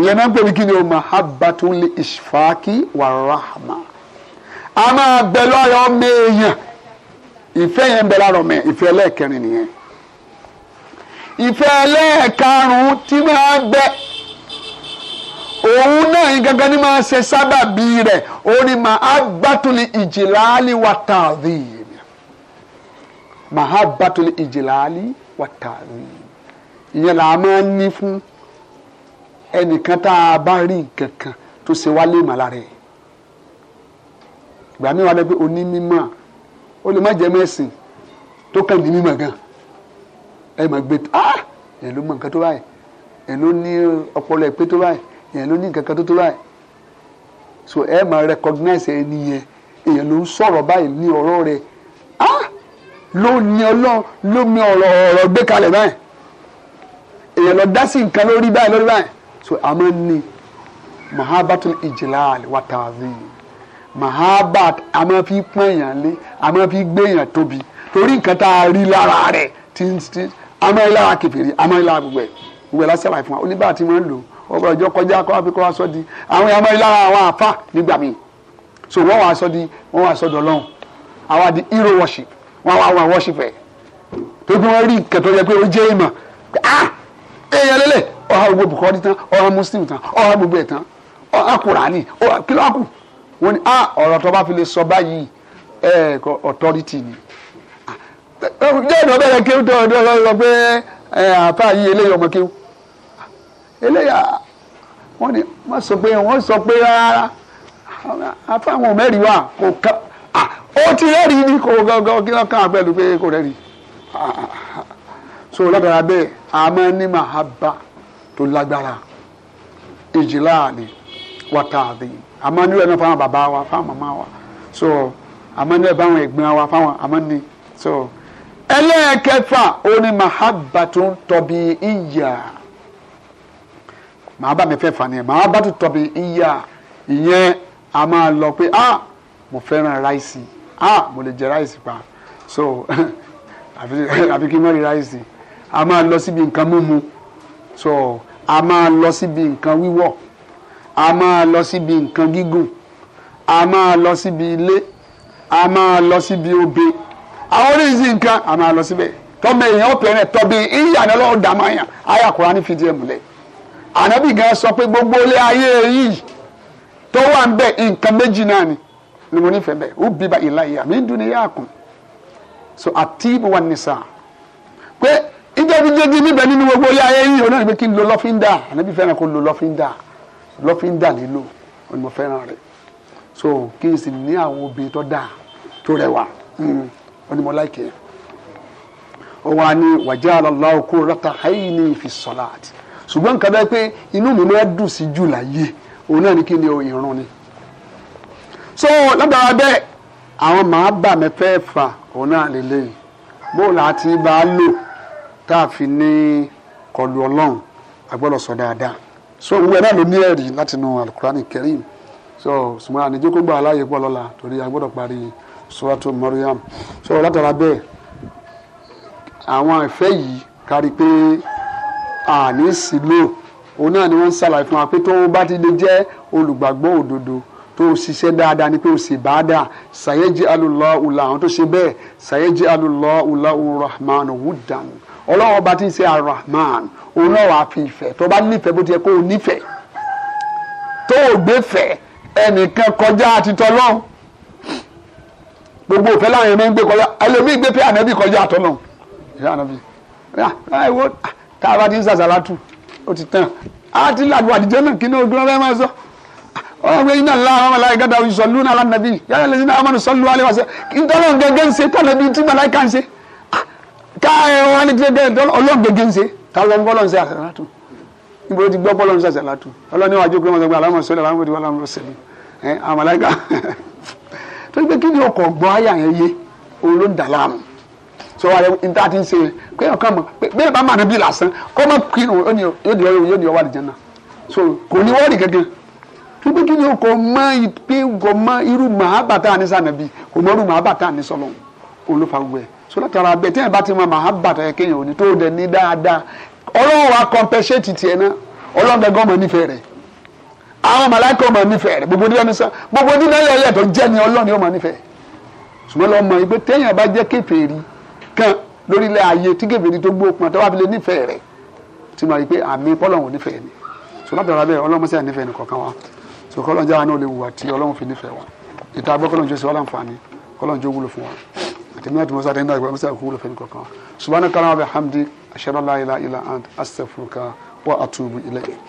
ìyẹn náà ń pè kí ni o mahabbatul ishfaqi wa rahma a máa bẹ lọ́yọ̀ ọmọ èèyàn ìfẹ́ yẹn bẹ lára ọmọ ìfẹ́ ẹlẹ́ẹ̀kẹrin nìyẹn ìfẹ́ ẹlẹ́ẹ̀karùn-ún tí máa bẹ òun náà yín gangan ní máa ṣe sábàbí rẹ̀ orí máa á gbàtúlì ìjìláàlì wà tààdì máa á gbàtúlì ìjìláàlì wà tààdì ìyẹn là á máa ní fún ẹnìkan tá a bá rí nǹkan kan tó ṣe wálé màlá rẹ̀ ìgbà mi wà lẹ́gbẹ̀ẹ́ onímọ̀ ó lè má jẹ́ mẹ́sìn tó kàn ní mímọ̀ gan ẹ máa gbé ẹ̀ ah, ló mọ nǹkan tó báyìí ẹ̀ ló ní ọpọlọ ẹ̀ pé tó báyìí èèyàn ló ní nǹkan kan tó tó báyìí so ẹ máa recognize ẹni yẹn èèyàn ló ń sọ̀rọ̀ báyìí ní ọ̀rọ̀ rẹ̀ ah ló ní ọlọ́run ló mi ọ̀rọ̀ ọ̀rọ̀ gbé kalẹ̀ báyìí èèyàn lọ dá sí nǹkan lórí báyìí lórí báyìí so àmọ́ ní mahabatul ijilal watazi mahabat àmọ́ fi pọ́n èèyàn lé àmọ́ fi gbé èèyàn tóbi torí nǹkan tá a rí lára rẹ̀ tí àmọ́ ìlara kẹfìrí àmọ́ ìlara gbogbo ẹ̀ gbogbo ẹ̀ lásìkò àìfún wa oníbàá lò ó wọ́n gbọ́dọ̀ jọ kọjá kọ́ àfi kọ́ wa sọ di àwọn èèyàn máa ń lára àwọn àfa nígbà míì so wọ́n wàá sọ di wọ́n wàá sọ dọ̀lọ́hùn àwa di hero worship wọ́n wàá wàá worship ẹ̀ tó bí wọ́n rí kẹtọ́ yẹ pé ó jẹ́ ìmọ̀ ah èèyàn lélẹ̀ ọ̀hà gbogbo bùkọ́rí tán ọ̀hà muslim tán ọ̀hà gbogbo ẹ̀ tán ọ̀hà kùránì kí ló kù wọ́n ní ah ọ̀rọ̀ tó bá fi lè sọ báyìí ẹ̀ authority ni jẹ́ ìdọ̀bẹ̀rẹ̀ kéwù tó ọ̀dọ́ lọ pé àfa yìí eléyìí ọmọ kéwù eléyà wọ́n ní wọ́n sọ pé wọ́n sọ pé rárá afáwọn mẹ́rin wà kò ká ó ti rẹ́rìí ní kò gángan kí wọ́n kàn án pẹ̀lú pé kò rẹ́rìí so lágbára bẹ́ẹ̀ àmọ́ ní mahaba tó lágbára ìjìlá ni wàtàdé àmọ́ ní ẹ̀ náà fáwọn bàbá wa fáwọn màmá wa so àmọ́ ní ẹ̀ báwọn ẹ̀gbọ́n wa fáwọn àmọ́ ní so ẹlẹ́ẹ̀kẹfà ó ní mahaba tó ń tọ́bi ìyá màá bá mi fẹ́ fani ẹ̀ màá bá tó tọ́ mi ìyá ìyẹn a máa lọ pé ah mo fẹ́ràn ráìsì ah mo lè jẹ ráìsì pa so (laughs) àfi kí n má rí ráìsì a máa lọ síbi nǹkan mímu so a máa lọ síbi nǹkan wíwọ̀ a máa lọ síbi nǹkan gígùn a máa lọ síbi ilé a máa lọ síbi obe àwọn oríṣi nǹkan a máa lọ síbẹ̀ tọ́mọ èèyàn ó pẹ̀rẹ̀ tọ́bi ìyànà ọlọ́run dàmáyà ayàkùrá fìdí ẹ̀ múlẹ̀ ànábì gan sọ pé gbogbo ilé ayé yìí tó wà ń bẹ nǹkan méjì náà ni ni mo nífẹ̀ẹ́ bẹ́ẹ̀ ó bíbá ìlà yìí àmì dúníyà kùn so àtìbù wà nìsà pé ìjẹ́bíjẹ́bí níbẹ̀ nínú gbogbo ilé ayé yìí onáà ní pé kí n lo lọ́fíńdà ànábì fẹ́ràn kó lo lọ́fíńdà lọ́fíńdà lílo ni mo fẹ́ràn rẹ̀ so kí n sì ní àwọn obìnrin tó dáa tó rẹwà hmm, ó ní mo láìkẹ́ ọ wá ní wàjà àlọ́ lọ́wọ́ kó rọ́ta háyìn ní ṣùgbọ́n nǹkan bẹ́ẹ̀ pé inú mi máa dùn sí jù láyé òun náà ní kí ni ìrun ni. so lábàá bẹ́ẹ̀ àwọn màá bà mí fẹ́ fà òun náà lélẹ́yìn bó láti bá a lò tá a fi ní kọlu ọlọ́run agbọ́dọ̀ sọ dáadáa so gbogbo ẹ̀ náà ló ní ẹ̀rí látinú alukurani karim so ṣùgbọ́n àníjó kó gbà láàyè pọ̀ lọ́la torí agbọ́dọ̀ parí suratu Maryam so látara bẹ́ẹ̀ àwọn ìfẹ́ yìí kárí pé àní sílò òun náà ni wọ́n ń ṣàlàyé fún wa pé tó o bá ti lè jẹ́ olùgbàgbọ́ òdodo tó o ṣiṣẹ́ dáadáa ni pé o sì bá dà sàyẹ́jì alùlọ́ ùlà àwọn tó ṣe bẹ́ẹ̀ sàyẹ́jì alùlọ́ ùlà ùrahman wùdàn ọlọ́wọ́ bá ti ń ṣe arahman òun náà wàá fi ìfẹ́ tó bá nífẹ̀ẹ́ bó ti yẹ kó o nífẹ̀ẹ́ tó o gbé fẹ́ ẹnìkan kọjá àtitọ́ lọ́hùn gbogbo òfẹ́ láwọn ẹ̀mí ń gbé kọjá ẹlòmíì gbé fẹ́ ànábì kọjá àtọ́ náà ìyá ànábì tá a bá ti ń sàṣàlátù ó ti tán á ti làdù àdìjẹ́ náà kí ni ogun ọ̀rẹ́ máa sọ ọ̀rọ̀ pé iná ńlá àwọn màláíkà dàrú ìsọ̀lú náà lánàbí yálà lè ní àwọn ọmọdé sọ̀lú alẹ́ wàṣẹ ìtọ́lọ́ gẹ́gẹ́ ń ṣe tọ́lọ́ bíi tí màláíkà ń ṣe ká ẹ̀rọ ní gẹ́gẹ́ ọlọ́run gẹ́gẹ́ ń ṣe ká lọ́n bọ́lọ́ àṣàlátù níbo ti gbọ́ bọ́lọ́ ń ṣe àṣàlátù ọlọ́ni wàá jókòó (laughs) so ara n ta ti ń ṣe pé ọkàn mọ bẹ́ẹ̀ bá màá níbí lásán kọ́ mọ́ kírun yóò di ọyọ yóò di ọwọ́ àdìjẹ́ náà so kò ní wọ́ọ̀rì gẹ́gẹ́ pípé kí ni kò mọ pé kò mọ irú màhábà tá à ní sànàbí kò mọ irú màhábà tá à ní sọlọ olùfà wù ẹ so látara bẹ́ẹ̀ tí ẹ bá ti mọ màhábà tó yẹ kéèyàn òní tó dẹ ní dáadáa ọlọ́run wa compensate tiẹ̀ náà ọlọ́run gẹ́gẹ́ ọmọ nífẹ̀ẹ́ rẹ̀ àwọn màláìkà ọmọ nífẹ̀ẹ́ rẹ̀ gbogbo nílẹ̀ nísà gbogbo nílẹ̀ yẹ̀yẹ̀ tó jẹ́ ni ọlọ́run ọmọ nífẹ̀ẹ́ ṣùgbọ́n lọ́mọ ìgbé téèyàn bá jẹ́ kéfèé rí kan lórílẹ̀ ayé tí gèbèrè tó gbó pọn tó wà fi lè nífẹ̀ẹ́ rẹ̀ tí mo rí i pé àmì pọ́lọ́hún nífẹ̀ẹ́ ni so látara bẹ́ẹ̀ ọlọ́run sẹ́yìn nífẹ̀ẹ́ nìkan kan wa so kọ́lọ́n jáwa náà lè wùwà tí ọlọ́run fi nífẹ̀ẹ́ wa ìta agbọ́ kọ́lọ́n jọ sí wàhálà nfààní kọ́lọ́n jọ wúlò fún wa àti mílíọ̀tì mọ́sá àti nígbà mọ́sá kò wúlò fún nìkan kan wa subhanaka wa bihamdik ashhadu an la ilaha illa ant astaghfiruka wa atubu ilayk